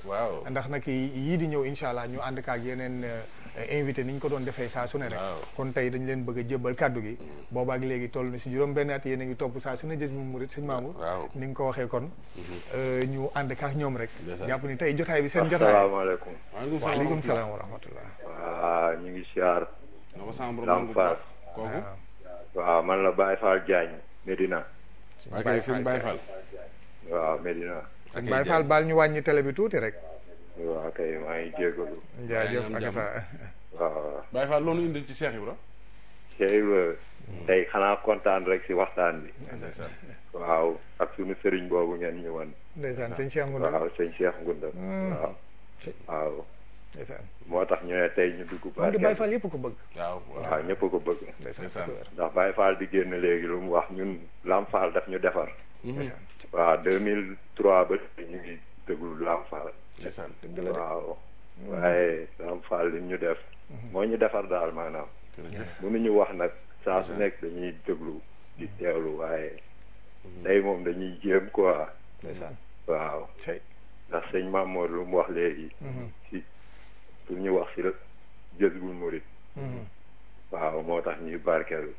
ndax nag yii di ñëw incha allah ñu ànd kaak yeneen euh, invité ni ñu ko doon defee saa su ne rek kon tey dañ leen bëgg a jébbal kàddu gi mm. boobaak léegi tollu na si juróom benn at yéen a ngi topp saa su ne jës mu murit si Mamour ni nga ko waxee kon mm-hmm. euh, ñu ànd kaak ñoom rek jàpp ni tey jotaay bi seen jotaay asalaamaaleykum waaleykum salaam wa rahmatullah waaw ñu ngi siyaar waaw man la Baye Fall Diagne Medina. ok sëñ Baye Fall. waaw Medina. sëñ Baye Fall baal ñu wàññi télé bi tuuti rek. waaw kay maa ngi jégalu. jaajëf ak sa. waaw. Baye Fall loolu indi ci Cheikh Ibra. Cheikh Ibra. tey xanaa kontaan rek ci waxtaan bi. waaw ak suñu sëriñ boobu ngeen ñëwoon. ndeysaan sëñ Cheikh Ngunda waaw sëñ Cheikh Ngunda. Hmm. waaw waaw. moo tax ñu ne tey ñu dugg. baal ngeen Baye Fall yëpp ko bëgg. waaw waaw ñëpp ko bëgg. ndax Baye Fall di génn léegi lu mu wax ñun Lam Fall daf ñu defar. Mhm. waaw 2003 ba ñu ngi déglu Lam Fall. waaw mhm. waaye li ñu def. Mhm. moo ñu defar daal maanaam. mënuñu wax nag saa su nekk dañuy déglu di teewlu waaye. tey moom dañuy jéem quoi. waaw. ndax sëñ Mamour lu mu wax léegi. pour ñu wax si la Jazbul Murid mm-hmm. waaw moo tax ñuy barkeelu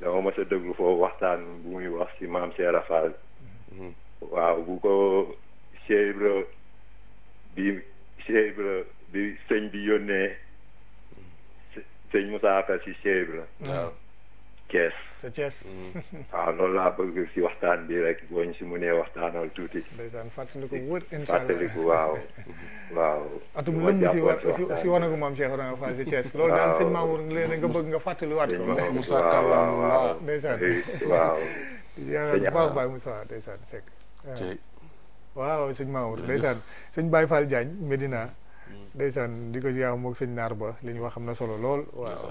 dama mos a déglu foofu waxtaan bu muy wax si maam Seera Fall mm-hmm. waaw bu ko chèvre bi chèvre bi sëñ bi yónnee mm-hmm. sëñ Moussa Ka si chèvre Thiès. sa Thiès. waaw loolu laa bëgg si waxtaan bi rek boo ñu si mënee waxtaanal tuuti. ndeysaan fàttaliku wër incha allah fàttaliku waaw. waaw. atum lëmb si war si si wanagu maam Cheikh Ibrahima Fall si Thiès. loolu daal sëñ Mamour léeg nga bëgg nga fàttaliwaat ko. waaw Moussa Kalla waaw ndeysaan. waaw. sëñ Ba Ba Moussa ndeysaan Seck. waaw sëñ Medina. ndeysaan di ko ziar mook sëñ naar ba li wax xam na solo lool waaw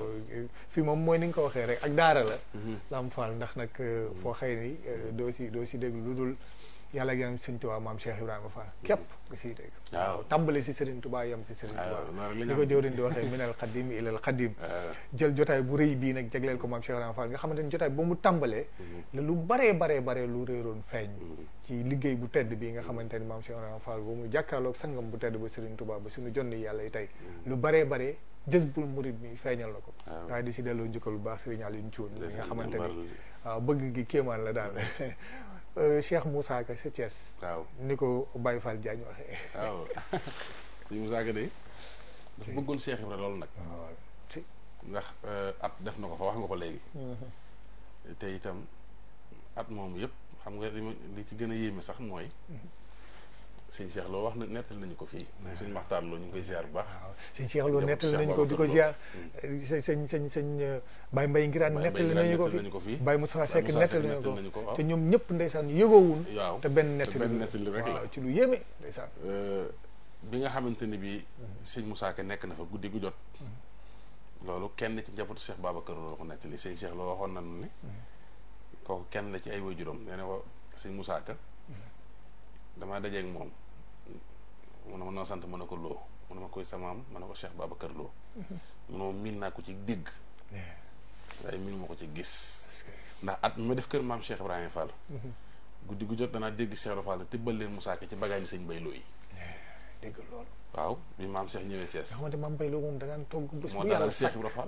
fii moom mooy ni nga ko waxee rek ak daara la mhm. lam faal ndax nag mhm. foo xëy ni euh, doo si doo si déglu lu dul yàlla gaa am sëñ Tuubaa maam Cheikh Ibrahima Fall képp nga siy dégg waaw si Serigne Touba yam si Serigne Touba li ko jëwriñ di waxee minal xadim ilal xadim [LAUGHS] jël jotaay bu bii nag jagleel ko maam Cheikh Ibrahima Fall nga xamante ni jotaay ba mu tàmbalee mm-hmm. la lu baree baree baree lu réeroon feeñ mm-hmm. ci liggéey bu tedd bi nga xamante ni maam Cheikh Ibrahima Fall ba mu jàkkaarloog sangam bu tedd ba Serigne Touba ba suñu jonni yàlla yi tey mm-hmm. lu baree bare jës bul murit mi feeñal na ko waaye di si delloo njëkkal bu baax Serigne Alioune Thioune nga xamante ni waaw bëgg gi kéemaan la daal [LAUGHS] Euh, Cheikh Moussa Ka sa waaw ni ko bàyyi Fall Diagne waxee. waaw sëñ Moussa Ka de dafa bëggoon Cheikh Ibra loolu nag. Ah, ndax euh, at def na ko fa wax nga ko léegi. Mm-hmm. te itam at moom yëpp xam nga li ci gën a yéeme sax mooy. Mm-hmm. sëñ Cheikh Lo wax na nettal nañu ko fii sëñ Maxtaar Lo ñu ngi koy ziar bu baax waaw sëñ Cheikh Lo nettal nañu ko mm. sëñ sëñ sëñ euh, Baye Mbaye Ngiraan nettal nañu ko fi ko fii Baye Moussa Seck nettal nañu ko oh. te ñoom ñëpp ndeysaan te benn nettali rek la ci lu yéeme euh, bi nga xamante ni bii sëñ Moussa Ka nekk na fa guddi gu jot mm. kenn ci njabootu Cheikh Babacar Lo ko nettali sëñ Cheikh Lo waxoon nañu ne mm. kooku kenn la ci ay waajuram juróom na ko sëñ Moussa Ka damaa dajeeg moom mu ne ma noo sant mu ne ko loo mu ne ma koy samaam ma ne ko Cheikh Babacar Lo mhm. munoo miin naa ko ci dégg waaye miin ma ko ci gis ndax at mi ma def kër maam Cheikh Ibrahima Fall mhm. guddi gu jot danaa dégg Cheikh Fall ne tibbal leen musaake ci bagaañ sëñ bay looyi dégg waaw bi maam Cheikh ñëwee Thiès nga xamante maam Bay Lo moom da daan togg bés bu yàlla sàkk ah. moo daal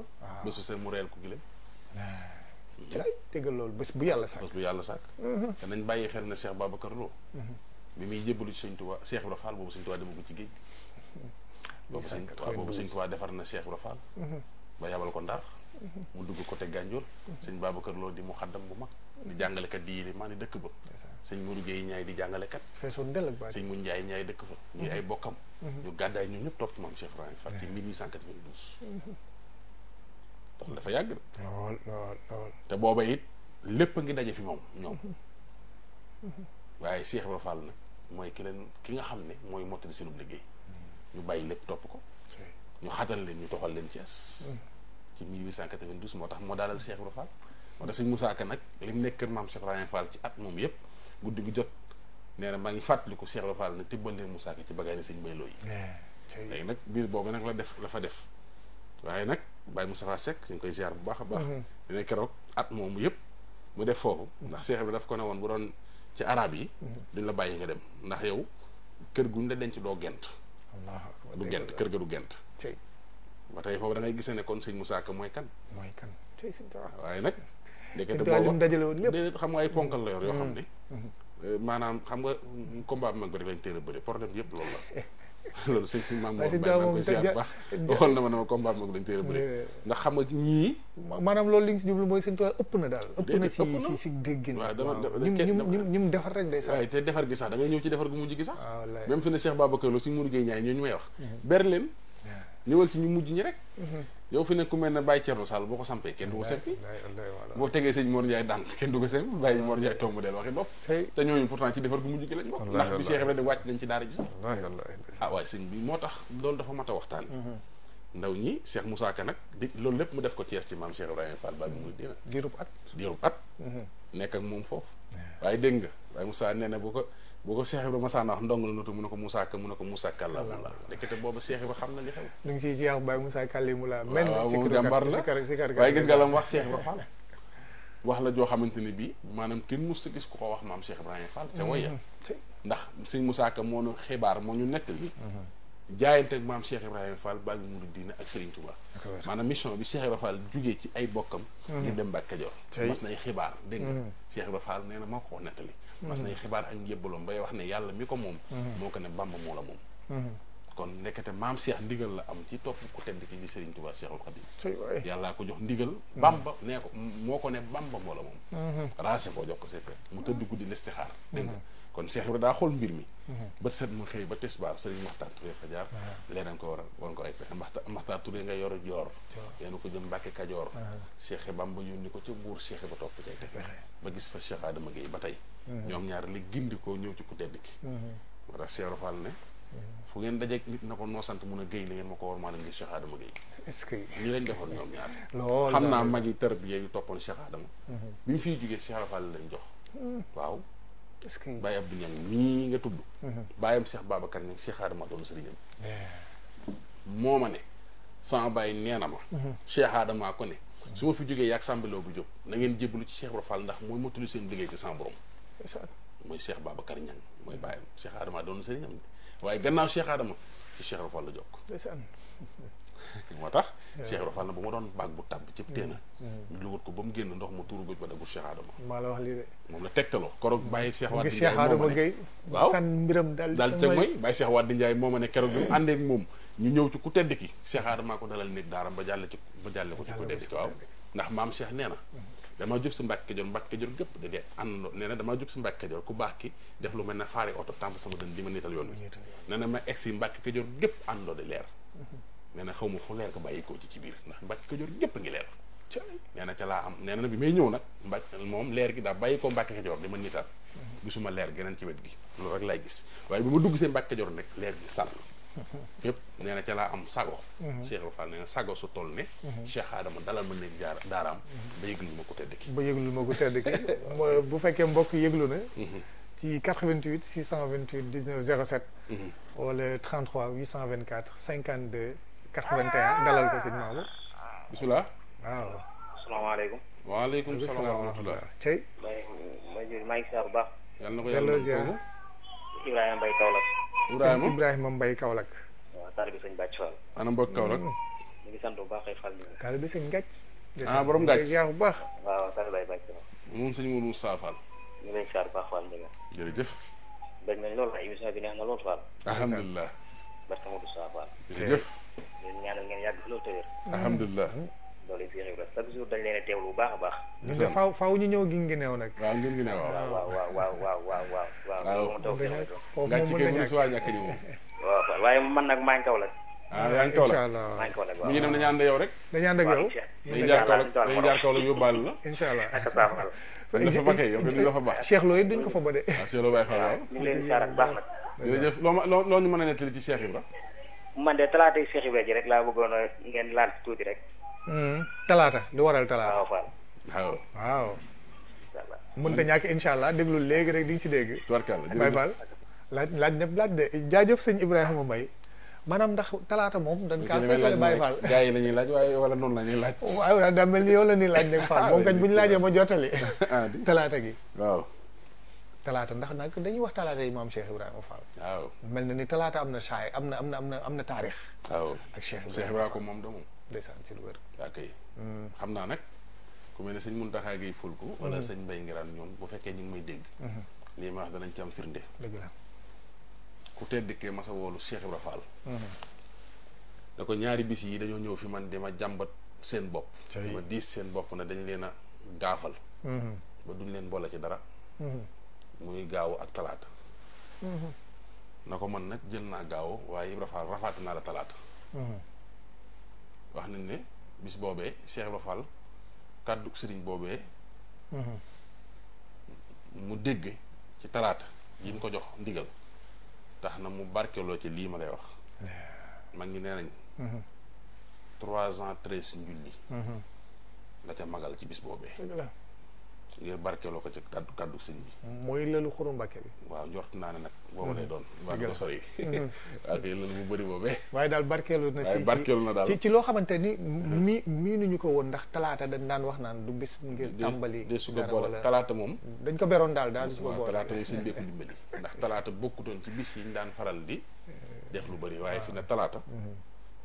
yàlla sàkk bés bu yàlla sàkk mhm. te nañ bàyyi xel ne Cheikh Babacar Lo bi mi jébbalu ci seigne touba Cheikh Ibrahima Fall seigne touba Tuubaa ko ci geej bobu seigne touba bobu seigne touba defar na Cheikh Ibrahima Fall mhm. ba yabal ko Ndar mhm. mu dugg côté Gànjool mhm. seigne Babacar Lo di mu xadam bu mag di kat di li mani dekk ba seigne Mourou gey ñay di jàngalekat seigne Mun Njaay ñay dekk fa ñi ay bokkam ñu gaday ñu ñep top mom Cheikh Ibrahima Fall ci 1892 loolu dafa yag lool lool lool te bobay it lepp ngi daje fi mom ñom waye Cheikh Ibrahima Fall mooy ki leen ki nga xam ne mooy mottali bu liggéey hmm. ñu bàyyi lépp topp ko ñu xatal leen ñu toxal leen Thiès hmm. ci 1892 moo tax moo daalal Cheikh Ibra Fall moo tax sëñ Moussa Ka nag li mu nekk maam Cheikh Ibrahima at moom yëpp guddi gi jot nee na maa ngi fàttaliku Cheikh Ibra Fall ne tibbal leen Moussa Ka ci bagaay ne sëñ Baylo yi léegi nag bii boobu nag la def la fa def waaye nag mu Moustapha sekk ñu koy ziar bu baax a baax mm-hmm. dina keroog at moomu yëpp mu def foofu ndax Cheikh Ibra daf ko ne woon bu doon ci araab yi dañ la bàyyi nga dem ndax yow kër gu guñ la denc doo gent du gent kër ga gent ba tey foofu da ngay ne kon sëñ Moussa Ka mooy kan mooy kan waaye nag ndekete boobu dajale woon lépp xam nga ay ponkal la yor yoo xam mm-hmm. ne mm-hmm. maanaam xam nga combat bi mag bi rek lañ téere bëri problème bi yëpp loolu la [LAUGHS] [LAUGHS] loolu sëñ maam moom Mbaye maa ngi koy ziar bu baax [LAUGHS] waxoon na ma ne ma combat lañ teel a bëri ndax xam nga ñii maanaam loolu li ñu si jublu mooy sëñ Tuubaa ëpp na daal ëpp na si si si déggin mu defar rek day sax waaye da ngay ñëw ci defar gu mujj gi sax ah, même fi ne Cheikh Babacar Lo suñu mënu gay ñaay ñoo ñu may wax mm-hmm. Berlin ñëwal ci ñu mujj ñi rek mm-hmm. yow fi ne ku mel ne Baye Thierno Sall boo ko sampee kenn du ko sempi boo tegee sëñ Mor Ndiaye dànk kenn du ko sempi Baye Mor Ndiaye tomb del waxi dopp te ñooñu pourtant ci defar gu mujj gi lañ bokk ndax bi Cheikh ah bi moo tax loolu dafa mat a waxtaan mhm. ndaw ñi Cheikh Moussa Ka nag di loolu lépp mu def ko Thiès ci maam Cheikh Ibrahima Fall ba bi mu dina diirub at diirub at mhm. nekk ak moom foofu waaye dégg nga waaye Moussa nee na bu ko bu ko Cheikh Ibra Moussa na wax ndong la nutu mu ne ko Moussa Ka mu ne ko Moussa la ndekete boobu Cheikh Ibra xam na li xew lu ngi siy jeex Baye Moussa mu la mel waaw moom jàmbaar la gis nga lam wax Cheikh Ibra Fall wax la joo xamante ni bii maanaam kenn mos a gis ku ko wax maam Cheikh Ibrahima Fall ca woya mm-hmm. ndax sëñ Moussa Ka moo nu xibaar moo ñu nettali mm-hmm. jaayante ak maam Cheikh Ibrahima Fall baa ngi munu diina ak Serigne Touba. maanaam mission bi Cheikh Ibrahima Fall jugee ci ay bokkam. ñu mhm. dem ba Kajoor. mas nay xibaar dégg nga. Mhm. Cheikh Ibrahima Fall nee na moo ko nettali. Mhm. mas nay xibaar ak njébbaloom bay wax ne yàlla mi ko moom. moo ko ne Bamba moo la moom. kon nekete mam Cheikh ndigal la am ci top ku tedd ki di Serigne Touba Cheikhul Khadim yalla ko jox ndigal bamba ne ko moo ne bamba moo la moom mhm. raase ko jox ko secret mu tëdd guddi l'istikhar deng mhm. kon Cheikh Ibra daa xool mbir mi mhm. ba set mu xey ba tesbar Serigne Makhtar Touré fadiar jaar ko waral won ko ay pex Makhtar Touré nga yor joor ko jëm Mbàkke Kajoor Cheikh Bamba yoni ko ci bour Cheikh ba topp cay tefe ba gis fa Cheikh Adama batay ñom ñaar li gindi ko ñew ci ku tedd ki ne fu ngeen dajeeg nit na ko noo sant mun a géy na ngeen ma ko war maa leen gis Cheikh Adama Gueye est-ce que ñi lañ defoon ñoom ñaar loolu xam naa mag yi tarbiya yu toppoon Cheikh Adama mhm. bi mu fi jógee Cheikh Ibra Fall jox mhm. waaw est-ce que Baye Abdou Niang mii nga tudd mhm. baayam Cheikh Babacar Niang Cheikh Adama doon sëriñam moo ma ne sama baay nee na ma Cheikh Adama ko ne su ma fi bu jóg na ngeen jébbalu ci Cheikh Ibra ndax mooy mottali seen liggéey ci sama borom mooy Cheikh Babacar Niang mooy baayam Cheikh Adama doon sëriñam de waaye gannaaw Cheikh Adama ci Cheikh Rafal la jokk. [LAUGHS] moo tax. [LAUGHS] Cheikh Rafal na bu ma doon baag bu tàbb ci mm. teena. Mm. ñu lu ko ba mu génn ndox mu tuuru gëj ba dagul Cheikh Adama. maa la wax lii de. moom la tegtaloo keroog mm. bàyyi Cheikh. Wade Ndiaye moom la ne waaw san mbiram daal daal te mooy bàyyi Cheikh Wade Ndiaye moom a ne keroog bi mu àndee moom ñu ñëw ci ku tedd ki Cheikh ko dalal nekk daaram ba jàlle ci ba jàlle ko ci ku tedd ki waaw ndax maam Cheikh nee na damaa jub si Mbàkke Kajoor Mbàkke Kajoor gépp da dee àndandoo nee na damaa jub si Mbàkke Kajoor ku baax ki def lu mel ne faari oto tàmp sama dën di ma niital yoon wi nee na ma egsi Mbàkke Kajoor gépp àndandoo di leer mm-hmm. nee na xaw ma fu leer ko bàyyikoo ci ci biir ndax Mbàkke Kajoor gépp ngi leer nee na ca laa am nee na bi may ñëw nag Mbàkke moom leer gi daa bàyyi ko Mbàkke Kajoor di ma niital mm-hmm. gisuma leer geneen ci wet gi loolu rek laay gis waaye bi ma dugg see Mbàkke Kajoor nag leer gi sàll fépp nee na ca laa am sago mhm. Cheikh Fall nee na sago su toll ne mhm. Cheikh Adama dalal ma nekk jaar daaraam mhm. ba yëglu ma ko tedd ki ba yëglu ma ko tedd ki bu fekkee mbokk yëglu na ci 88 628 19 07 wala 33 824 52 81 dalal ko sëñ Maodo bisimilah waaw asalaamaaleykum waaleykum salaam wa rahmatulah tey ma jël maa ngi siyaar bu baax na ko yàlla Ibrahima Mbaye Kaolack Ibrahima Ibrahima Mbaye Kaolack. waaw taalibe sëñ Bàcc Fall. ana mbokk Kaolack. Mm. ñu ngi sant bu baax ay Fall. taalibe sëñ Gàcc. ah borom Gàcc yaa bu baax. waaw taalibe ay Bàcc Fall. moom sëñ Mourou Moussa Fall. ñu ngi lay saar baax Fall Ndege. jërëjëf. nañ lool waaye émission bi neex na lool Fall. alhamdulilah. barke Mourou Moussa Fall. jërëjëf. ñaanal ngeen yàgg fi loolu tëwér. alhamdulilah. Mm. loolu Cheikh Ibra chaque jour dañ leen a teewlu bu baax a baax. incha allah faaw faaw ñu ñëw gin gi neew nag. waaw gin gi neew waaw waaw waaw waaw waaw waaw waaw. waaw moom taw bi ñëw moom moom waaw waaye man nag maa ngi kaw la. ah yaa ngi kaw la maa ngi kaw la waaw. mi ngi dem dañu ànd yow rek. dañu ànd ak yow dañu jaar kaw la dañu jaar kaw la yóbbaale la. [LAUGHS] incha allah dafa bakkee yow dañu la fa baax. Cheikh Lo it duñ ko fa ah, ba de. waaw Cheikh Lo bàyyi xel waaw. ñu ngi leen di saar ak baax nag. jërëjëf loo loo ñu mën a nettali ci Cheikh Ibra. man de talaatay Cheikh Ibra ji rek laa bëggoon ngeen laal tuuti rek Mm. talaata lu waral talaata. waaw waaw. waaw. mën ta ñàkk incha allah déglu léegi rek di si dégg. tubarkalla jërëjëf Baye Fall laaj laaj laaj de jaajëf sëñ Ibrahima Mbaye maanaam ndax talaata moom dañ kaa féetale Baye Fall gaa yi la ñuy laaj waaye wala noonu la laaj waaw daal daa mel ni yow la ñuy laaj nag Fall [LAUGHS] ah, moom kañ bu ñu laajee ma jottali [LAUGHS] ah, talaata gi talaata ndax nag dañuy wax talaata yi maam Cheikh Ibrahima Fall waaw mel na ni talaata am na saay am na am na am na am na taarix waaw ak ndeysaan ci lu wér. Hmm. xam naa nag ku mel ne sëñ Mountakha Gueye Fulku. wala hmm. sañ Mbaye Ngiraan ñoom bu fekkee ñu ngi may dégg. Hmm. lii ma wax danañ ci am firnde. dëgg la ku tedd kee masa woolu Cheikh Ibra Fall. da ko ñaari bis yi dañoo ñëw fi man di ma jàmbat seen bopp. ma diis seen bopp na dañ leen a gaafal. ba duñ leen boole ci dara. muy gaaw ak talaata. na ko man nag jël naa gaaw waaye Ibra Fall rafaati naa la talaata. wax nañ ne bis boobee Cheikh lo Fall kàddu sëriñ boobee mhm. mu dégg ci talaata yi mu ko jox ndigal tax na mu barkeloo ci lii ma lay wax mag ngi nee nañ mhm. trois ans treize mhm. la ca magal ci bis boobee ngir barkeeloo ko ci kaddu kaddu sëñ bi. mooy lëlu xuru mbàkke bi. waaw njort naa ne nag. boobu mm-hmm. lay doon. dëgg la sori. waaw mm-hmm. [LAUGHS] kay lëlu bu bëri boobee. waaye daal barkeelu na. si na daal ci ci loo xamante ni. mi miinuñu ko woon ndax talaata dañ daan wax naan du bis. ngir tàmbali de su ko boole talaata moom. dañ ko beroon daal daal di su ko boole talaata moom sëñ bi ko dimbali. ndax talaata ci bis yi ñu daan faral di. def lu bëri waaye fi na talaata. Mm-hmm.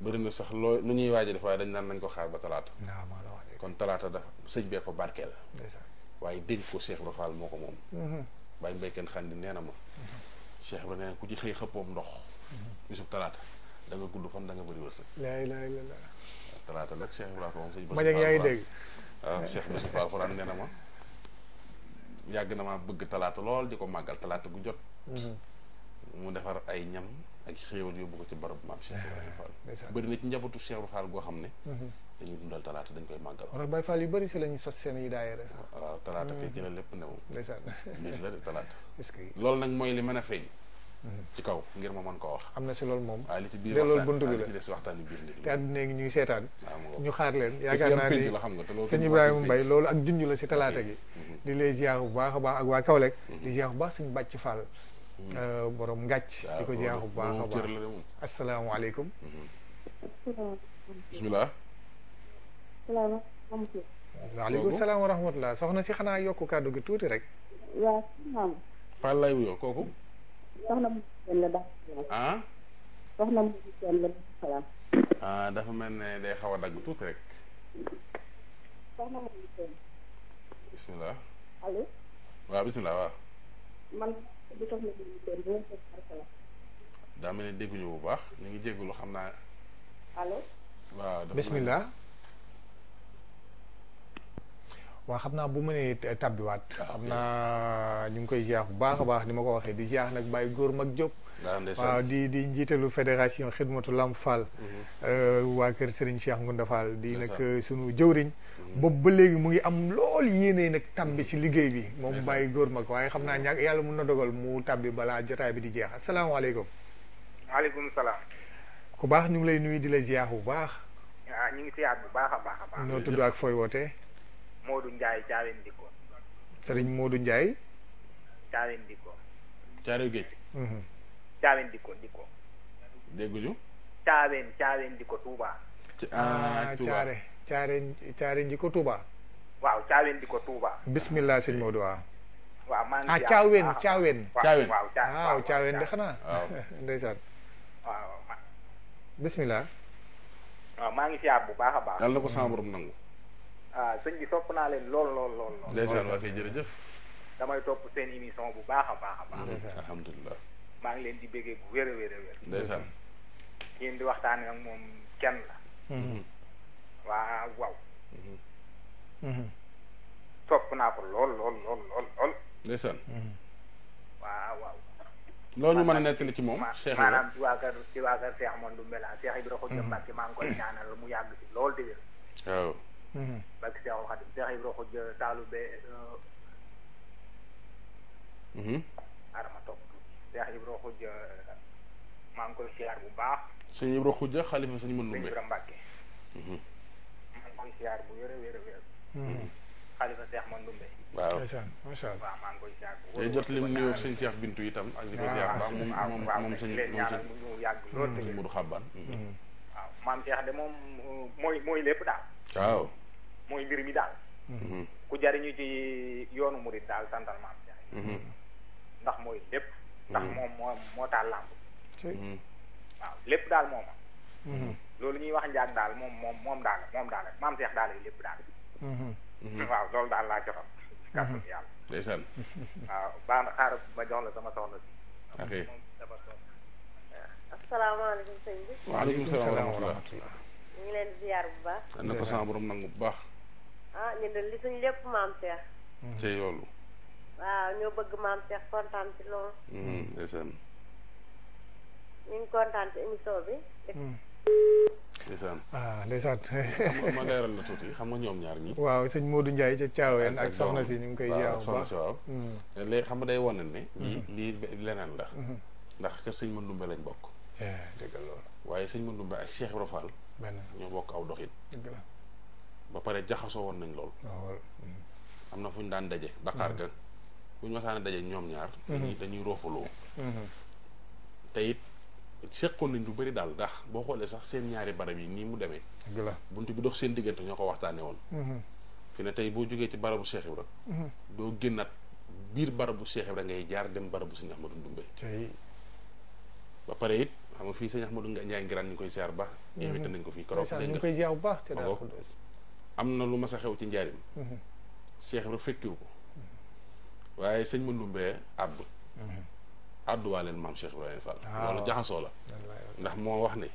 bëri na sax loo lu ñuy waaj a def waaye dañ naan nañ ko xaar ba talaata. kon talaata dafa sëñ bee ko barkeel waaye dénk ko Cheikh Ibra Fall moo ko moom. Mhm. bàyyi mbéy kenn xandi nee na ma. Mhm. Cheikh Ibra nee ku ci xëy xëppoom ndox. Mhm. bisub talaata danga gudd fan danga nga bëri wërsëg. talaata nag Cheikh Ibra ko moom sëñ. ma yaa ngi dégg waaw Cheikh Ibra Fall na ma. yàgg bëgg talaata lool di ko màggal talaata gu jot. mu defar ay ñam ak xéewal yóbbu ko ci barab maam Cheikh Ibrahima Fall. bëri na ci njabootu Cheikh Fall goo xam ne. dañuy dundal talaata dañ koy màggal. kon nag Baye yu bëri si la sos seen i daayira sax. Ah, waaw talaata kay hmm. ci la lépp new. ndeysaan [LAUGHS] mbir la de talaata. est loolu nag mooy li mën a feeñ. Hmm. ci kaw ngir ma mën koo wax. am na si loolu moom. waaye li ci biir waxtaan li ci des waxtaan biir léegi. te àdduna gi ñuy seetaan. Ah, ñu xaar leen yaakaar naa ni la xam nga te loolu. sëñ Ibrahima Mbaye loolu ak junj la si talaata gi. Hmm. di lay ziar bu baax a baax ak waa Kaolack. di ziar bu baax sëñ Bàcc Fall. Euh, boroom ngàcc. Ah, di ko ziar bu baax a baax asalaamaaleykum. bisimilah. salaamaaleykum. waaleykum salaam soxna si xanaa yokk kàddu gi tuuti rek. waaw naam. kooku. Ah? Ah, dafa mel na day xaw a dagg tuuti rek. soxna mu bisimilah. allo. daa mel ne dégguñu bu baax ñu ngi jégalu xam naa. allo. waa xam naa bu mënee tàbbiwaat ah, xam naa ñu ngi koy ziar bu baax a baax ni ma ko waxee di ziar nag bàyyi góor mag Diop ah, waaw di njiitalu fédération xidmatu Lamp Fall mhm. euh, waa kër Serigne Cheikh Ngounda Fall di nag euh, sunu jëwriñ mhm. boobu ba léegi mu ngi am lool yéene nag tàbbi si liggéey bi moom bàyyi góor mag waaye xam naa ñàkk yàlla mun na dogal mu tàbbi balaa jotaay bi di jeex asalaamaaleykum waaleykum salaam ku baax ñu ngi lay nuyu di la ziar bu baax ah ñu fooy wootee Modou Ndiaye Thiawène Diko. Serigne Modou Ndiaye. Thiawène Diko. Thiawène Géej. Mhm. tuuba Diko Diko. dégguñu. Thiawène Touba. ah, ah Thiawène Thiawène Thiawène bismillah Serigne Modou waaw. waaw maa ngi. ah waaw Thiawène de xanaa. waaw [LAUGHS] ndeysaan. bismillah. waaw maa ngi siyaar bu baax a baax. yàlla na ko sama borom nangu. ah sëñ bi topp naa leen lool lool lool. ndeysaan waa kay jërëjëf. damay topp seen émission bu baax a baax a baax. alhamdulilah. maa ngi leen di béggee bu wér a wér a wér. ndeysaan. ngeen di waxtaanee ak moom kenn la. waa mm-hmm. waaw. topp mm-hmm. mm-hmm. naa ko lool lool lool lool lool. ndeysaan. waa waaw. loolu ñu mën a nettali ci moom. Cheikh maanaam ci waa kër ci waa mu yàgg ci lool di wér. bak seexul xadim seex ibra xujj taalube arama topp seex ibra xujj maa ngi koy siyaar bu baax sëñ ibra xujj xalifa sëñ mën lumbe ibra mbàkke maa ngi koy siyaar bu wér a wér a wér xalifa seex mën lumbe waaw ndeysaan macha allah waaw maa ngi koy bu wér jot lim nuyoo sëñ seex bintu itam ak di ko siyaar baax moom moom moom sëñ moom sëñ mu yàgg lool sëñ mudu xabbaan waaw maam seex de moom mooy mooy lépp daal waaw mooy mbir mi daal ku jariñu ci yoonu murit daal santal maam Ndiaye ndax mooy lépp ndax moom moo moo taal làmb waaw lépp daal mooma mm-hmm. loolu ñuy wax njaag daal moom moom moom daal moom daal maam Seex daal yi lépp daal mm-hmm. Mm-hmm. waaw loolu daal laa yàlla ndeysaan waaw ma jox la sama soxla si ok asalaamaaleykum sëñ bi waaleykum salaam wa rahmatulah ñu ngi leen ziar bu baax. na ko sama borom nangu bu baax. ah ñu de li suñ lépp maam Cheikh. Hmm. ca yoolu. waaw ñoo bëgg maam Cheikh kontaan ci loolu. Hmm, ndeysaan. ñu hmm. ah, xam nga ñoom ñaar ñi. waaw sëñ Modou ak soxna ñu ngi koy. waaw ak soxna si waaw. Eh, léegi xam nga day wane ne. lii lii leneen la. ndax que sëñ Mandoumbe lañ bokk. Eh, dëgg loolu waaye sëñ Mandoumbe ak Cheikh Ibra Fall. benn ñoo bokk aw doxin. ba pare jaxasoo woon nañ lool. Mm. am na fu ñu daan daje. Dakar mm-hmm. ga bu ñu masaana daje ñoom ñaar. dañuy mm-hmm. dañuy roofaloo. Mm-hmm. te it seqoon nañ lu bari daal ndax boo xoolee sax seen ñaari barab yi nii mu demee. la bunt bi dox seen diggante ñoo ko waxtaanee woon. fi ne tey boo jógee ci barabu Cheikh Ibra. doo génnaat biir barabu Cheikh Ibra ngay jaar dem barabu Sëñ Ahmadou Ndoumbe. ba pare it. xam nga fii sëñ nga Ndiaye Ngiraan ñu koy ziar ba invité nañ ko fii koro ñu ngi koy ziar ba baax te daa xuddoos am na lu ma sa xew ci njaarim Cheikh Ibra fekkiwu ko waaye sëñ ma lumbee addu addu waa leen maam Cheikh Ibrahima Fall loolu jaxasoo la ndax moo wax ne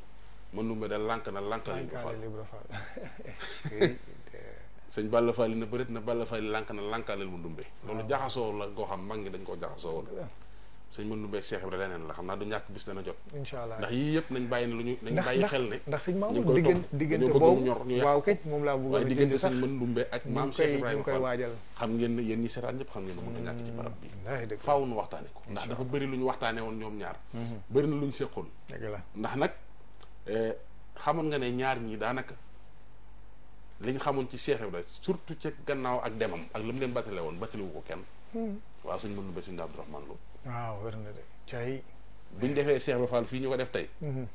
ma lumbee da lànk na lànk na Ibra Fall sëñ Balla Fall na bërit na Balla Fall lànk na lànkaleel mu lumbee loolu jaxasoo la goo xam mag dañ koo jaxasoo woon sëñ mën numbee Cheikh Ibrahima leneen la xam naa du ñàkk bis dana jot incha allah ndax yii yëpp nañ bàyyi ne lu ñu nañ bàyyi xel ne ndax sëñ Mamour diggante diggante boobu ñor ñu waaw kay moom laa bëgg a diggante na ñàkk ci barab bi faaw nu waxtaane ko ndax dafa bëri lu ñu waxtaane woon mhm. na lu eh, xamoon nga ne ñaar ñii daanaka li ñu xamoon ci Cheikh Ibrahima surtout ca gannaaw ak demam ak lu mu leen battale woon battalewu ko kenn mhm. waaw sëñ mën numbee sëñ Abdourahmane Lo waaw wér na de cay. bu ñu defee Cheikh Ibra Fall fii ñu ko def tey. Mhm.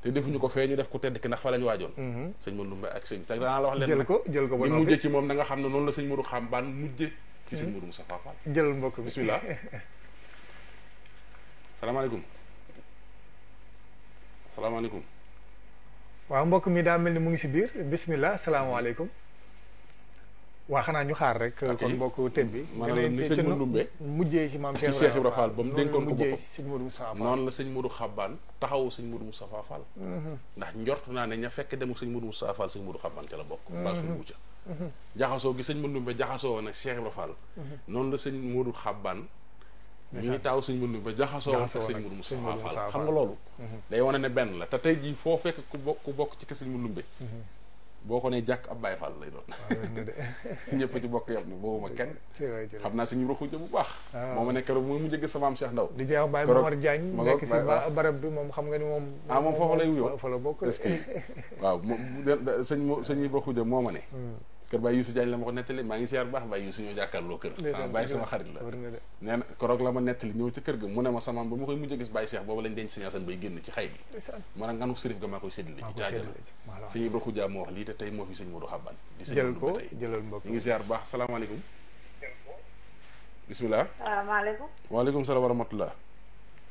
te defuñu ko fee ñu def ku tedd ki ndax fa la ñu waajoon. Mhm. sëñ Modou Mbaye ak sëñ te danaa la wax jël ko jël ko ba noppi ci moom na nga xam ne noonu la sëñ Modou xam baan mujje ci sëñ mhm. Modou Moussa Fall. jël mbokk mi bisimilah. [LAUGHS] salaamaaleykum. salaamaaleykum. waaw mbokk mi daa mel ni mu ngi si biir bisimilah salaamaaleykum. waa xanaa ñu xaar rek. kon mbokk thème bi. maanaam ni sëñ Modou Ndoumbe mujjee ci maam Cheikh Ibrahima Fall ba mu dénkoon ko boppam sëñ Modou Moustapha Fall noonu la sëñ mu Xabbaan taxawu sëñ Modou Moustapha Fall. Mhm. ndax njort naa ne ña fekk demul sëñ Modou Moustapha Fall sëñ Modou Xabbaan la bokk. mbaa mhm. suñu ca mhm. jaxasoo gi sëñ Modou Ndoumbe jaxasoo woon ak Cheikh Ibrahima Fall. noonu la sëñ Modou Xabbaan. ñuy taaw sëñ Modou Ndoumbe jaxasoo woon ak sëñ mu Moustapha Fall xam nga loolu. day wane ne benn la te tey jii foo fekk ku bokk ci kër sëñ Modou boo ko nee jàkk ab Baay Faal lay doon ah, [LAUGHS] ñëpp ci bokk yam ni boobuma kenn [LAUGHS] xam naa suñu roxu bu baax ah. moo ma nekk keroog mu mu jëgg sama am Cheikh Ndaw di jeex Baay Momar Diagne nekk si barab bi moom xam nga ni moom ah moom foofu lay wuyoo fa la bokk est-ce que [LAUGHS] waaw sëñ sëñ roxu moo ma ne hmm. kër Baye Youssou Diagne la ma ko nettali maa ngi siyaar bu baax Baye Youssou ñoo jàkkaarloo kër sama Baye sama xarit la nee na la ma nettali ñëw ci kër ga mu ne ma sama ba ma koy mujj a gis Baye Cheikh boobu lañ denc Serigne Assane bay génn ci xay bi ma ne nganu sërif ga maa koy séddale ci caajal Serigne Ibra Khoudia moo wax lii te tey moo fi Serigne Modou Xabban di jëlal ko jëlal mbokk ñu ngi siyaar bu baax salaamaaleykum bismillah waaleykum salaam wa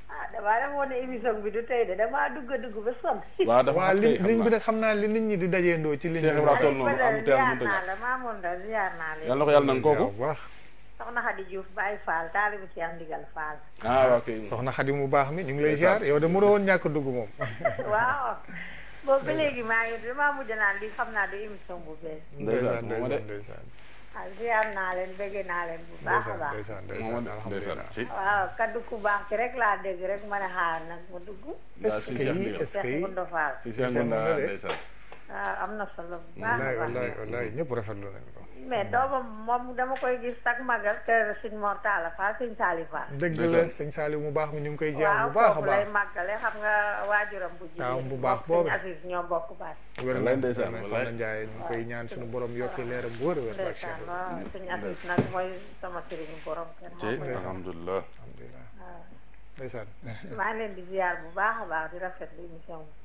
ah damaa demoon ne émission bi du tey de damaa dugga a dugg ba sonn. [LAUGHS] waaw damaa tey ligne bi nag xam naa li nit ñi di dajeendoo ci. ligne bi waaw Cheikh Ibrahima am teel mu dëgg yàlla maa moom daal ziar naa la. yàlla na ko ah, mu baax mi ñu ngi lay ziar yow de mënoo woon ñàkk dugg moom. [LAUGHS] waaw. boobu léegi maa ngi damaa mujj naan xam naa du émission bu bees. ndeysaan ndeysaan waaw ziar naa leen bëgg naa leen bu baax a baax ndeysaan waaw kaddu ku baax ci rek laa dégg rek ma ne xaar nag ma dugg. est-ce que est-ce que Cheikh Ngounda Fall waaw ah, am na solo bu baax a baax wallaay wallaay ñëpp rafetlu nañu ko. mais doomam moom dama koy gis sag magal kër sëñ Mor Talla Fall sëñ mu baax mi ñu ngi koy ziar bu baax a baax waaw lay màggale xam nga waajuram bu jigéen bu baax boobu Aziz ñoo bokk baat wér la koy ñaan suñu borom yokki leeram bu a wër baax cheikh sëñ Aziz nag mooy sama sëriñu borom kër alhamdulilah alhamdulilah ndeysaan leen di ziar bu baax a baax di rafetlu émission bi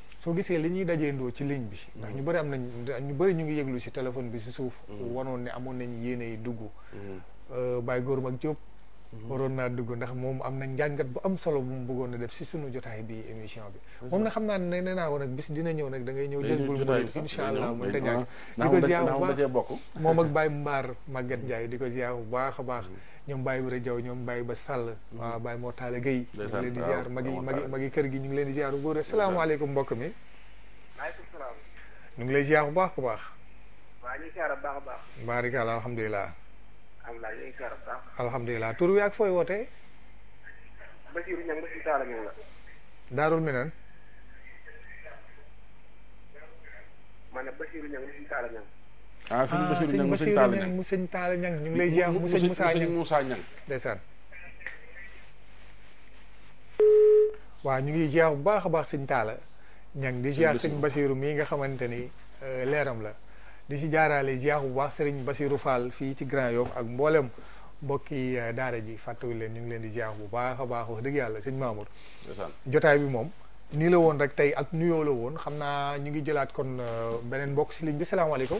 soo gisee li ñuy dajeendoo ci ligne bi ndax mm. ñu bari am nañ ñu bari ñu ngi yëglu si téléphone bi si suuf mm. wanoon ne amoon nañ yéene yi dugg mm. euh, Baye Góor Mag Diop waroon naa dugg ndax moom am na njàngat bu am solo bu mu buggoon a def si sunu jotaay bi émission bi moom na xam naa ne nee naa woon bis dina ñëw nag da ngay ñëw jëlbul mu incha allah mën ta ñàkk di ko ziar bu baax moom ak Baye Mbaar Maguette Ndiaye di ko ziar bu baax a baax ñoom Baye Wura Jaw ñoom Baye Ba Sall waaw Baye Mortala Gueye ñu leen di ziar magi magi magi kër gi ñu ngi leen di ziar bu góor asalaamaaleykum mbokk mi ñu ngi lay ziar bu baax bu baax a baax barikala alhamdulilah alhamdulilah ñu ngi wi ak fooy wootee Basiru daarul minan ma ah sëñ Basiru Ñang mu sëñ Taala Ñang mu sëñ Taala Ñang ñu ngi lay jeex mu sëñ Moussa Ñang Moussa Ñang ñu ngi jeex bu baax a baax sëñ Taala Ñang di jeex sëñ Basiru mii nga xamante ni eh, leeram la di si jaaraale jeex bu baax sëriñ Basiru Fall fii ci Grand Yoff ak mboolem mbokki eh, daara ji fàttewul leen ñu ngi leen di jeex bu baax a baax wax dëgg yàlla sëñ Mamour jotaay bi moom nii la woon rek tey ak nuyoo la woon xam naa ñu ngi jëlaat kon eh, beneen mbokk si ligne bi salaamaaleykum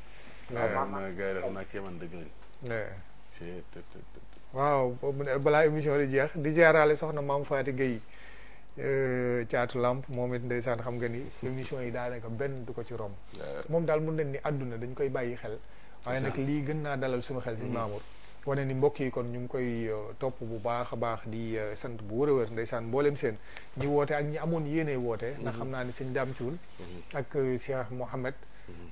waaw eh, gars yi dafa naa kéemaan dëgg lañ. Eh. waaw balaa émission di jeex di jaaraale soxna maam Faati Gueye caatu eh, lamp moom it ndeysaan xam nga ni émission yi daanaka benn du ko ci romb. moom daal mun nañ ni àdduna dañ koy bàyyi xel. waaye nag lii gën naa dalal suñu xel si mm-hmm. Mamour. wane ni mbokk yi kon ñu ngi koy topp bu baax a baax di sant bu wër a wër ndeysaan mboolem seen ñi woote ak ñi amoon yéene woote. ndax mm-hmm. xam naa ni sëñ Dame Thioune. Mm-hmm. ak Cheikh Mohamed.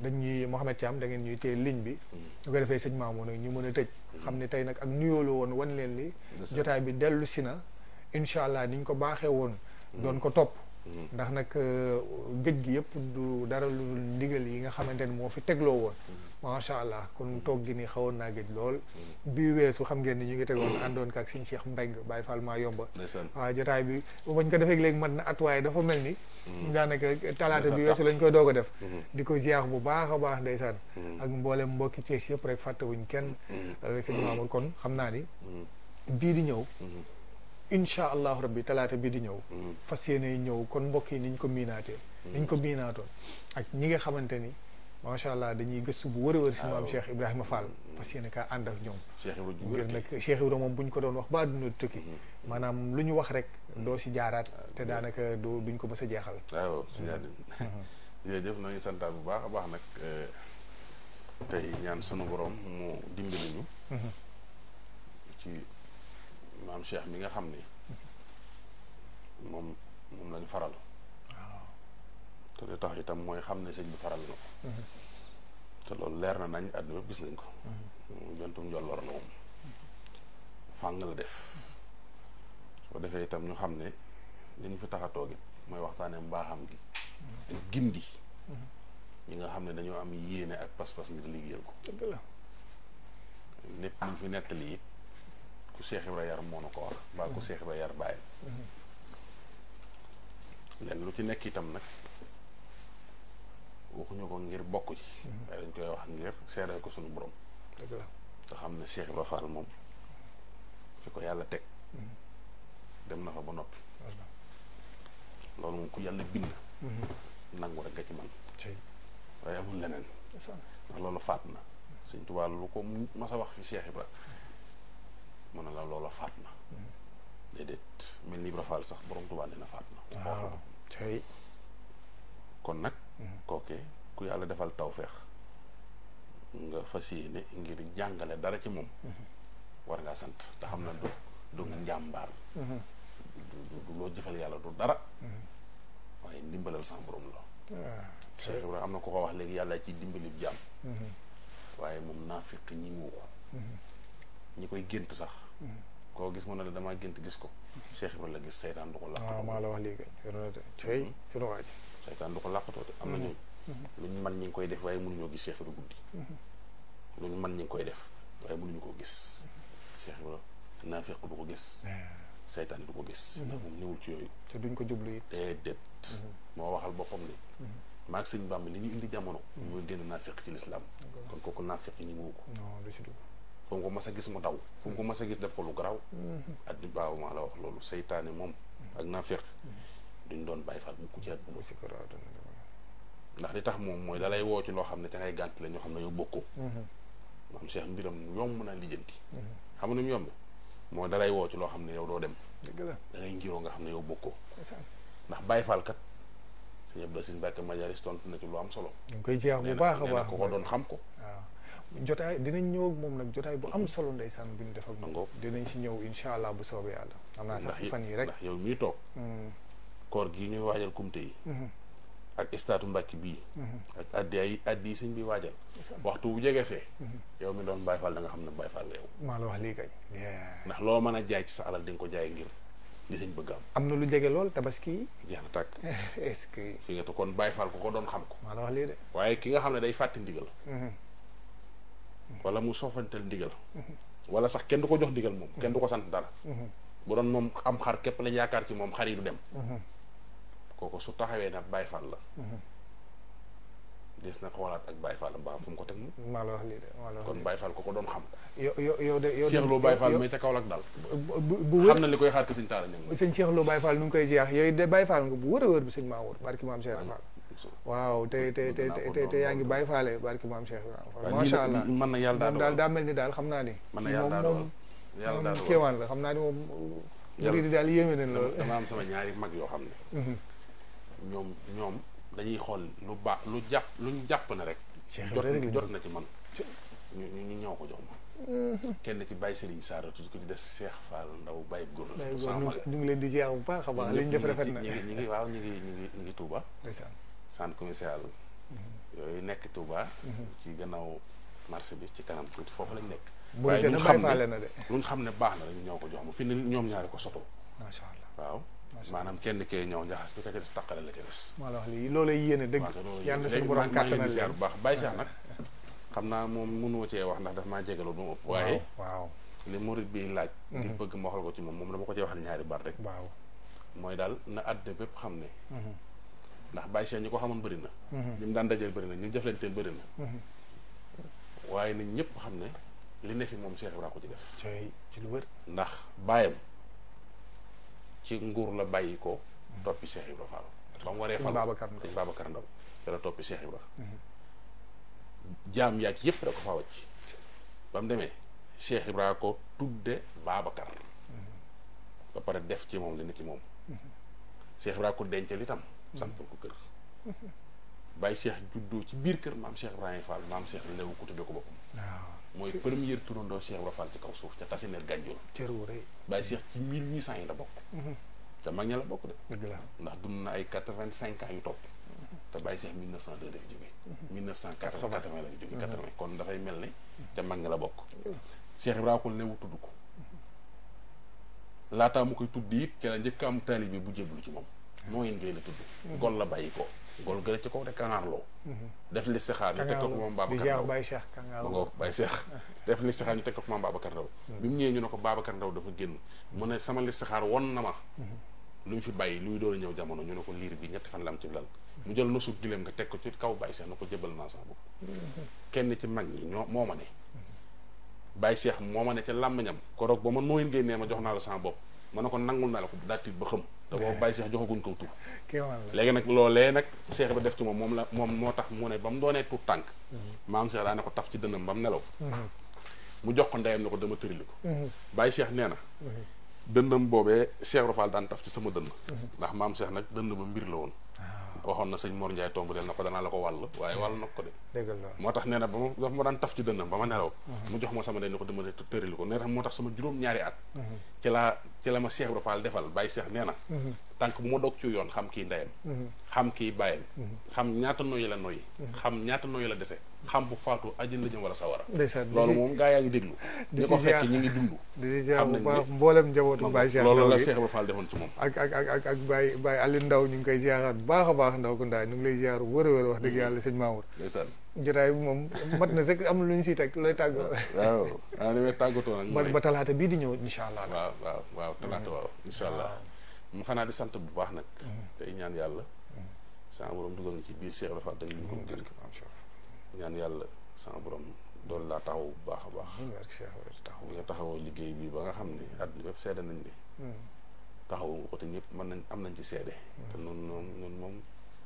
dañ ñuy Mouhamed Thiam da ngeen ñuy téye ligne bi ñu mm. ko defee sëñ Mamoun nag ñu mën a tëj mm. xam ne tey nag ak nuyoo la woon wan leen li jotaay bi dellusi na incha allah ni ñu ko baaxee woon mm. doon ko topp ndax nag euh, géej gi yëpp du dara lu ndigal yi nga xamante ne moo fi tegloo woon macha allah kon mm. toog gi ni xawoon naa géej lool. Mm. bi weesu xam ngeen ni ñu ngi tegoon àndoon ak Sëñ Cheikh Mbengue Baye Fall maa yomba. waaw ah, jotaay bi bañ ko defee léegi mat na at waaye dafa mel ni. Mm. daanaka talaata bi weesu lañ koy doog a def. Mm-hmm. di ko ziar bu baax a baax ndeysaan. ak mbokki Thiès yëpp fàttewuñ kenn. Euh, sëñ kon xam naa ni. bii di ñëw. Mm-hmm. incha allahu rabbi talaata bii di ñëw. fas yéene ñëw kon mbokk yi niñ ko miinaatee. niñ ko miinaatoon ak ñi nga xamante ni. macha allah dañuy gëstu bu wër a wër si ah, maam Cheikh Ibrahima Fall parce que ka ànd ak ñoom ngir nag Cheikh Ibrahima moom bu ñu ko doon wax ba àdduna tukki hmm. maanaam lu ñu wax rek hmm. doo si jaaraat ah, te daanaka doo duñ ko mës a jeexal ah, waaw si jaadim hmm. [LAUGHS] jërëjëf bu baax baax nag eh, ñaan sunu borom mu dimbali ñu ci maam nga xam ni moom moom lañu faral te li tax itam mooy xam ne sëñ bi faral na ko te loolu leer na nañ àdduna bépp gis nañ ko bentum mm-hmm. njolloor la moom fàng la def su defee itam ñu xam ne li ñu fi tax a toog mooy waxtaanee mbaaxam gi mm-hmm. ak gindi mm-hmm. ñi nga xam ne dañoo am yéene ak pas-pas ngir liggéeyal ko dëgg fi nettali it ku Seex Ibra yar moo na ko wax mbaa ku Seex Ibra yar bàyyi lenn lu ci nekk itam nag waxuñu ko ngir bokk ci. Mm-hmm. waaye dañ koy wax ngir seedal ko suñu borom. dëgg nga xam ne Cheikh Ibra Fall moom fi ko yàlla teg. Mm-hmm. dem na fa ba noppi. loolu moom ku yàlla bind. Mm-hmm. nangu rek nga ci man waaye amul leneen. ndax loolu faat na. sëñ Tuubaa lu ko mas a wax fi Cheikh Ibra mu ne la loola faat na. déedéet mel ni Ibra sax borom Tuubaa nee na faat na. kon nag. kookee ku yàlla defal tawféex nga fa yéene ngir jàngale dara ci moom war ngaa sant te xam na du du njàmbaar du loo jëfal yàlla du dara waaye ndimbalal sax borom la ah. Cheikh Ibrahima am na ko ko wax léegi yàlla ci dimbalib jàmm waaye moom naafiq ñi mu ko ñi koy gént sax koo gis mu ne la damaa gént gis ko Cheikh Ibrahima la gis seytaan du ko làq ah, maa la wax léegi cey mm-hmm. sunu waa saytaan du ko làqatoo te am na ñooñu mm-hmm. luñ man ñi ngi koy def waaye mënuñoo gis Cheikh Ibra guddi mm-hmm. luñ man ñi ngi koy def waaye mënuñu koo gis mm-hmm. Cheikh Ibra naafeq du ko gis saytaan du ko gis ndax moom néewul ci yooyu te duñ ko jublu te déedéet moo waxal boppam ne maag sëñ Bàmba li ñu indi jamono mooy génn naafeq ci lislaam kon kooku naafeq ñi mu ko fu mu ko a gis ma daw fu mu ko mas a gis def ko lu garaaw addi baaw la wax loolu saytaane moom ak naafeq duñ doon bàyyi faal mukk ci àdduna ndax li tax moom mooy dalay woo ci loo xam ne ca ngay gànt la ñoo xam ne yow bokkoo maam mm-hmm. Cheikh mbiram yomb naa lijjanti mm-hmm. xam nu mu yomb mooy dalay woo ci loo xam ne yow doo dem da ngay nga xam ne yow bokkoo ndax bàyyi faal kat sëñ Abdou Aziz Mbacke Majaris na ci lu am solo ñu koy jeex bu baax baax ko ko doon xam ko waaw jotaay dinañ ñëw ak moom nag jotaay bu am solo ndeysaan bu ñu def ak moom dinañ si ñëw incha allah bu soobee yàlla am naa sax yi rek ndax yow mii toog mm. koor gi ñuy waajal kumte yi mhm. ak statu Mbàkke bii mhm. ak addi ay addi yi sëñ bi waajal waxtu bu jegesee mhm. yow mi doon Baay Faal da nga xam ne Baay Faal nga yow maa ndax loo mën a jaay ci sa alal di ko jaay ngir li sëñ bëgg am am na lu jege lool tabaski yi jeex na tàkk [LAUGHS] est-ce que nga te kon Baay Faal ku ko doon xam ko maa la wax lii de waaye ki nga xam ne day fàtte ndigal wala mu soofantal ndigal wala sax kenn du ko jox ndigal moom kenn du ko sant dara bu doon moom am xar képp kooku su taxawee nag Baye Fall la. Mhm. des na xoolaat ak Baye Fall mbaa fu mu ko teg moom. maa la wax lii de maa la wax kon Baye Fall ko ko doon xam. yo yo yow bu bu na koy xaar ko sëñ Talla ñoom. sëñ Cheikh Lo Baye Fall nu ngi koy jeex yooyu de Baye Fall nga bu wër a wër bi sëñ Mamour barki maam Cheikh Fall. waaw te yaa ngi Baye Fall barki maam Cheikh Fall. macha allah na yàlla daal daal daa mel ni daal xam naa ni. mën na yàlla daal moom moom kéewaan la xam naa ni moom. yàlla di daal yéeme nañ lool dama am sama ñaari mag yoo xam ne mhm. ñoom ñoom dañuy xool lu baax lu jàpp luñ jàpp na rek. jot na ci man ñu ñu ñoo ko jox ma. Mm-hmm. kenn ki Baye Serigne Sarr tudd ko ci des Cheikh Fall Ndaw Baye Góor la. ñu ngi leen di ziar bu baax a baax. li ñu def rafet na ñu ñu ngi waaw ñu ngi ngi ñu ngi Touba. centre commercial. Mm-hmm. yooyu nekk Touba. Mm-hmm. ci gannaaw marché bi ci kanam tuuti foofu lañ nekk. waaye luñ xam ne luñ xam ne baax na rek ñoo ko jox ma fi ne ñoom ñaar ko soto. macha allah waaw. maanaam kenn kee ñëw njaxas bi ka ca des taqale la ca des. maa la wax lii loolay yéene dëgg. yàlla na suñu borom kàttanal léegi bu baax bàyyi sax nag. [LAUGHS] xam naa moom mënoo cee wax ndax daf maa jégalu ba mu ëpp. waaye waaw li murit bi laaj. ngir mhm. bëgg ma waxal ko ci moom moom dama ko cee waxal ñaari baat rek. waaw mooy daal na àddina bépp xam ne. Mhm. ndax bàyyi sax ñi ko xamoon bëri na. Mhm. ñi mu daan dajale bëri na ñi mu jëflanteel bëri na. waaye nit ñëpp xam ne li ne fi moom Cheikh Ibrahima ko ci def. ci lu wër ndax bàyyam ci nguur la bàyyi ko toppi Cheikh Ibra Fall mm-hmm. ba mu waree fal sëñ Babacar Ndaw ca la toppi seex Ibra mm-hmm. jaam yaag yépp da ko fa wàcc ba mu demee Cheikh Ibra ko tudde Babacar mm-hmm. ba pare def ci moom li ni ki moom Cheikh Ibra ko dencal itam sampal ko kër bàyyi Cheikh juddoo ci biir kër maam Cheikh Ibrahima Fall maam Cheikh lewu ko tudde ko boppam mooy première turandoo Cheikh Ibra Fall ci kaw suuf ca Tasineer Ganjul. cër wu rëy. Baye Cheikh ci 1800 yi la bokk. Mhm. te mag ña la bokk de. ndax dund na ay 85 ans yu topp. te Baye Cheikh 1902 la fi jógee. 1980 la fi jógee mhm. kon dafay mel ne. te mhm. mag la bokk. Cheikh Ibra ko lewu tudd ko. laataa mu koy tudd it ca njëkk am taalibe bu jébbalu ci moom. moo ngay la tudd. gol la bàyyi ko. gol gën ci kaw de mhm. def listixaar ñu teg ko [LAUGHS] moom Babacar Ndaw ma ngoog def listixaar ñu teg ko moom Babacar Ndaw bi mu ñëwee ñu ne ko Babacar Ndaw dafa génn mu ne sama listixaar won na ma mhm. lu ñu fi bàyyi luy doon ñëw jamono ñu ne ko liir bi ñetti fan lam ci lal mu jël nosu gileem nga teg ko ci kaw Baye Cheikh na ko jëbal naa sa bopp mhm. kenn ci mag ñi ñoo moo ma ne Baye Cheikh moo ma ne ca làmmiñam koroog ba ma nooyin génnee ma jox naa la sama bopp ma ne ko nangul naa la ko daa tiit ba xëm te boo bàyyi seex joxaguñ ko tur léegi nag loolee nag seex bi def ci moom moom la moom moo tax mu ne ba mu doonee tur tànk mhm. maam seex daa ne ko taf ci dënnam ba mu nelaw mhm. mu jox ko ndeyam ne ko dama tërili ko mhm. bàyyi seex nee na dënnam boobee Seex Ibra Faal daan taf ci sama dënn ndax maam seex nag dënn ba mbir la woon waxoon na sëñ Mor Ndiaye tomb del na ko danaa la ko wàll waaye wàll na ko de moo tax nee na ba ma daf ma daan taf ci dënnam ba ma nelaw mu jox ma sama day ne ko dama tërali ko nee na moo tax sama juróom-ñaari at mhm. ci laa ci la ma Cheikh Ibra Fall defal Baye Cheikh nee na mhm. tànk bu ma doog ci yoon xam kii ndeyam mhm. xam kii bàyyam xam ñaata noyyi la noyyi xam ñaata noyyi la dese xam bu faatu àjjana la jëm wala sawara. ndeysaan loolu moom gaa yaa ngi déglu. di ko fekk ñu ngi dund. di si bu baax mboolem njabootu Baye Cheikh loolu la Cheikh Ibra Fall defoon ci moom. ak ak ak Ndaw ñu ngi koy ziaraat baax a baax Ndaw ko Ndaa ñu ngi lay ziar wër a wër wax dëgg yàlla sëñ Mamour. ndeysaan jotaay bi na sax am ñu siy teg looy tàggatoo. waaw ah tàggatoo nag. ba talaata bii di ñëw incha allah. waaw waaw waaw talaata waaw incha allah. mu xanaa di sant bu baax nag. Mm-hmm. tey ñaan yàlla. Mm-hmm. sa borom dugal nga ci biir Cheikh Ibra Fall da nga ñu gën ñaan yàlla sama borom doolu laa taxaw bu baax a baax. ñi nga taxawoo liggéey bi ba nga xam ne àdduna yëpp seede nañ ne. Hmm. taxawu nga ko ñëpp mën nañ am nañ ci seede. Hmm. te noonu noonu moom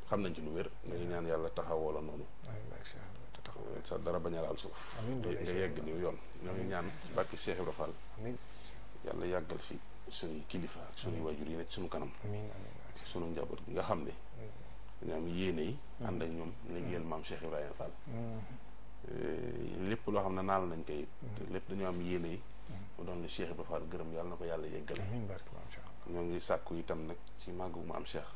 xam nañ ci lu wér. nga hmm. ñaan yàlla taxawoo la noonu. sa dara bañ a laal suuf. nga yegg ñu yoon. ñoo ngi ñaan ci barki Cheikh Ibra yàlla yàggal fi suñuy kilifa ak suñuy waajur yi ne ci suñu kanam. amiin sunu njaboot gi nga xam ne. dañu am yéene yi mm. ànd ak ñoom liggéeyal mm. maam Cheikh Ibrahima Fall mm. eh, lépp loo xam ne naal nañ ko it lépp dañu am yéene yi mu doon lu Cheikh Ibrahima Fall gërëm yàlla na ko yàlla yeggale ngi sàkku itam nag ci màggu maam Cheikh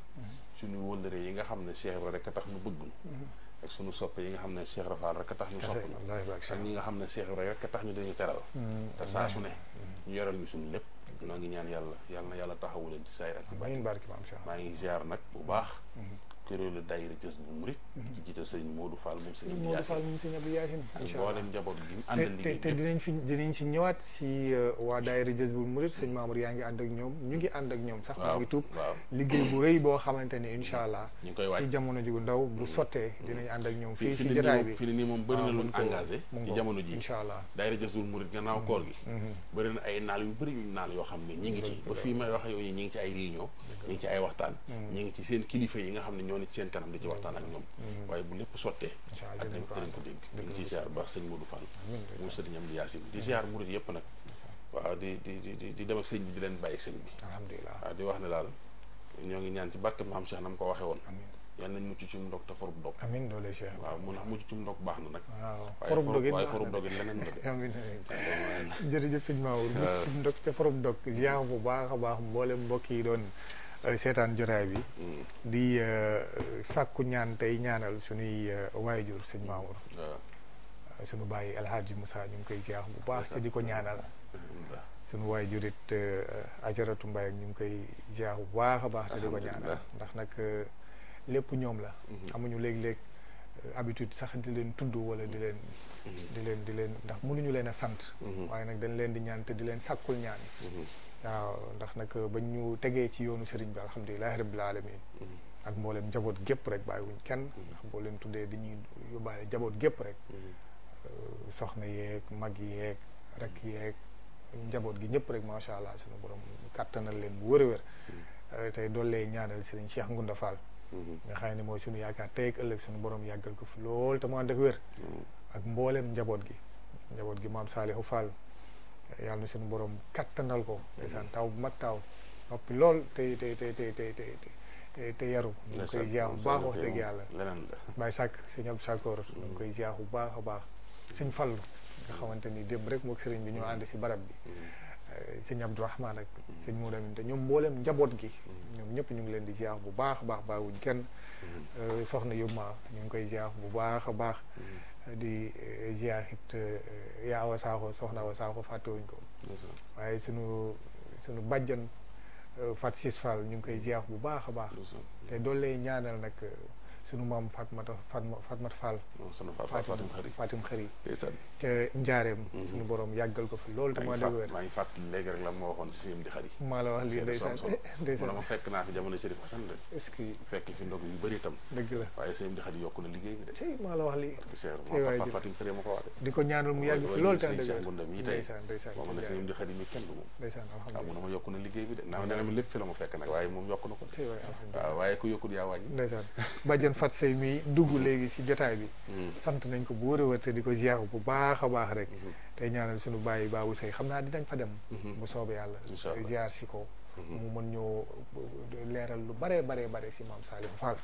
suñu wëllëree yi nga xam ne Cheikh Ibrahima rek a tax nu yi nga xam ne Cheikh a tax ñu sopp ñi nga xam ne Cheikh Ibrahima rek a tax ñu te saa su ne ñu yoral yàlla yàlla taxawu leen ci saayir ak ci bàyyi maa ngi ziar nag bu baax kuréelu daayira jës bu murit ci jiite sëñ Modou Fall moom sëñ Modou Fall moom Yaasin mboolem si ñëwaat si euh, waa daayira jës bu murit yaa ngi ànd ak ñoom ñu ngi ànd ak ñoom sax bu rëy boo xamante ne incha allah ñu ngi koy waaj si jamono ji ndaw bu mm-hmm. sottee mm-hmm. dinañ ànd na ah, luñ engagé ci jamono ji incha allah daayira jës bu murit gannaaw mm-hmm. koor gi bëri na ay naal yu bëri yuñ naal yoo xam ne ñi ngi ci ba fii may wax yow ñi ngi ci ay réunion ñu ngi ci ay waxtaan mm. ñu ngi ci seen kilifa yi nga xam ne ñoo ne ci seen kanam di ci waxtaan ak ñoom mm. waaye bu lépp sottee ak ñëpp dinañ ko dégg ñu ngi ci ziar baax sëñ Modou mu yëpp mm. waaw di di di di dem ak sëñ bi di leen bàyyi ak sëñ bi di wax ne daal ñoo ngi ñaan ci barke maam Cheikh na mu ko waxee woon yal nañ mucc ci mu ndog te forub dog amiin doole Cheikh waaw mun a mu ndog baax na nag forub dog waaye forub dog leneen la [LAUGHS] amiin jërëjëf sëñ Maour [LAUGHS] mucc ci mu ndog bu baax a baax mboolem mbokk yi doon seetaan jotaay bi mm. di euh, sàkku ñaan tey ñaanal suñuy euh, waayjur sëñ Mamour euh, suñu bàyyi alhaaji Moussa ñu ngi koy ziar bu baax te ko ñaanal suñu waayjur it ajaratu Mbaye ñu ngi koy ziar bu baax a baax te di ko ñaanal ndax nag lépp ñoom la mm-hmm. amuñu léeg-léeg habitude sax di leen tudd wala di leen mm-hmm. di leen di leen ndax mënuñu leen a sant mm-hmm. waaye nag dañ leen di ñaan te di leen sàkkul ñaan waaw ndax nag bañ ñu tegee ci yoonu sëriñ bi alhamdulilahi rabbil alamin mm-hmm. ak mboolem njaboot gépp rek bàyyiwuñ kenn mm-hmm. ndax boo leen tuddee dañuy yóbbaale njaboot gépp rek mm-hmm. euh, soxna yeeg mag yeeg rek yeeg njaboot gi ñëpp rek macha allah sunu borom kàttanal leen bu wër a wër euh, tey doollee ñaanal sëriñ Cheikh Ngounda Fall nga xam ne mooy sunu yaakaar tey ak ëllëg sunu yàggal ko fi lool te ak wér ak mboolem njaboot gi njaboot gi maam Salihu Fall yàlla na boroom borom ko. ndeysaan taw bu mat taw noppi lool te te te te te te te yaru. ñu ngi koy ziar bu baax wax dëgg yàlla. leneen la Baye Sakk sëñ Abdou Sakor. ñu ngi koy ziar bu baax a baax. sëñ Fallu nga xamante ni démb rek moog sëriñ bi ñoo ànd si barab bi. Mm-hmm. Eh, sëñ Abdourahman ak sëñ Mourou Amine te ñoom njaboot gi. Mm-hmm. ñoom ñëpp ñu ngi leen di ziar bu baax a baax bàyyiwuñ kenn. Mm-hmm. Eh, soxna Yuma ñu ngi koy ziar bu baax a baax. di eh, ziarit eh, yaa awa saaxo soxna awa fàttewuñ ko waaye sunu sunu bàjjan eh, Fat Sis ñu ngi koy ziar bu baax a baax te doole ñaanal nag sunu maam faat Fatmata Fall. Oh, sunu Fatim Xëri Fatim Xëri. te njaareem. Mhm. sunu borom yàggal ko fi loolu. te maa la [LAUGHS] ma waxoon si di fekk naa fi jamono Serif Assane la. est-ce yokk na liggéey bi de. tey maa la wax lii. tey waay jël ko waxee. mu kenn du moom. ndeysaan alhamdulilah waaye moom yokk na ko waaw waaye ku yokkul fat say mii dugg mm-hmm. léegi si jotaay bi mm-hmm. sant nañ ko bu wër a te di ko ziar bu baax a baax rek mm-hmm. tey ñaanal suñu bàyyi baabu say xam naa dañ fa dem bu soobee yàlla ziar si ko mu mën ñoo leeral lu bare bare bare si maam Saliou Fall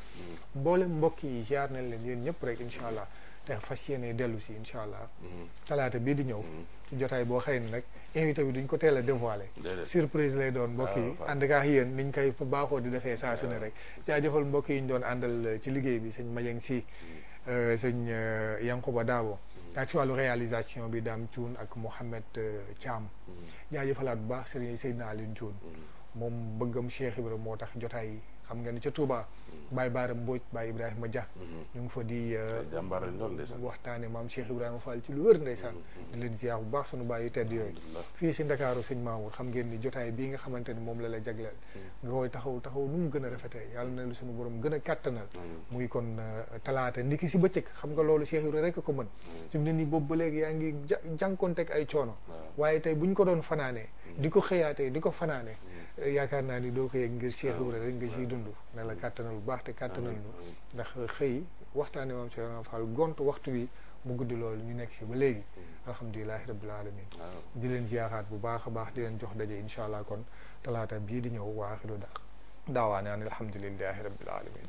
mboolem mbokk yi ziar nañ leen yéen ñëpp rek incha allah te fas yéene dellu si incha allah talaata bii di ñëw ci jotaay boo xëy nag invité bi duñ ko teel a dévoilé surprise lay doon mbokk yi ànd ah, kaa yéen niñ koy baaxoo di defee saa su ne rek ah, jaajëfal mbokk yi ñu doon àndal euh, ci liggéey bi sëñ Majeng si mm. euh, sëñ euh, ba Daabo mm. ak si wàllu réalisation bi Dame Thioune ak Mohamed Thiam mm. jaajëfalaat bu baax sëriñ Seydina Alioune Thioune moom bëggam Cheikh Ibrahima moo tax jotaay xam nga ni ca Touba. baay mm-hmm. Baara booj Baye Ibrahima Dia. Mm-hmm. ñu ngi fa di. Euh, jàmbaar lañ doon ndeysaan waxtaane maam Cheikh Ibrahima Fall ci lu wër ndeysaan. Mm-hmm. di leen ziar bu baax sunu bàyyi tedd yooyu. fii si Ndakaaru sëñ Mamour xam ngeen ni jotaay bii nga xamante ni moom la la jagleel. nga koy taxaw taxaw lu mu gën a rafetee yàlla na lu sunu borom gën a kàttanal. muy kon euh, talaata ndiki si bëccëg xam nga loolu Cheikh Ibrahima rek ko mën. fi mu ne nii boobu ba léegi yaa ngi ja jànkonteeg ay coono. waaye tey bu ñu ko doon fanaanee di ko xëyaatee di ko fanaanee yaakaar naa ni doo ko yegg ngir Cheikh Ibra rek nga ciy dund ne la kàttanal bu baax te kàttanal ndax xëy waxtaane maam Cheikh Ibra Fall gont waxtu wi mu guddi loolu ñu nekk fi ba léegi mm. alhamdulilahi rabbil alamin di leen ziyaaraat bu baax a baax di leen jox daje incha allah kon talaata bii di ñëw waaxiru daax daawaane an alhamdulilahi rabbil alamin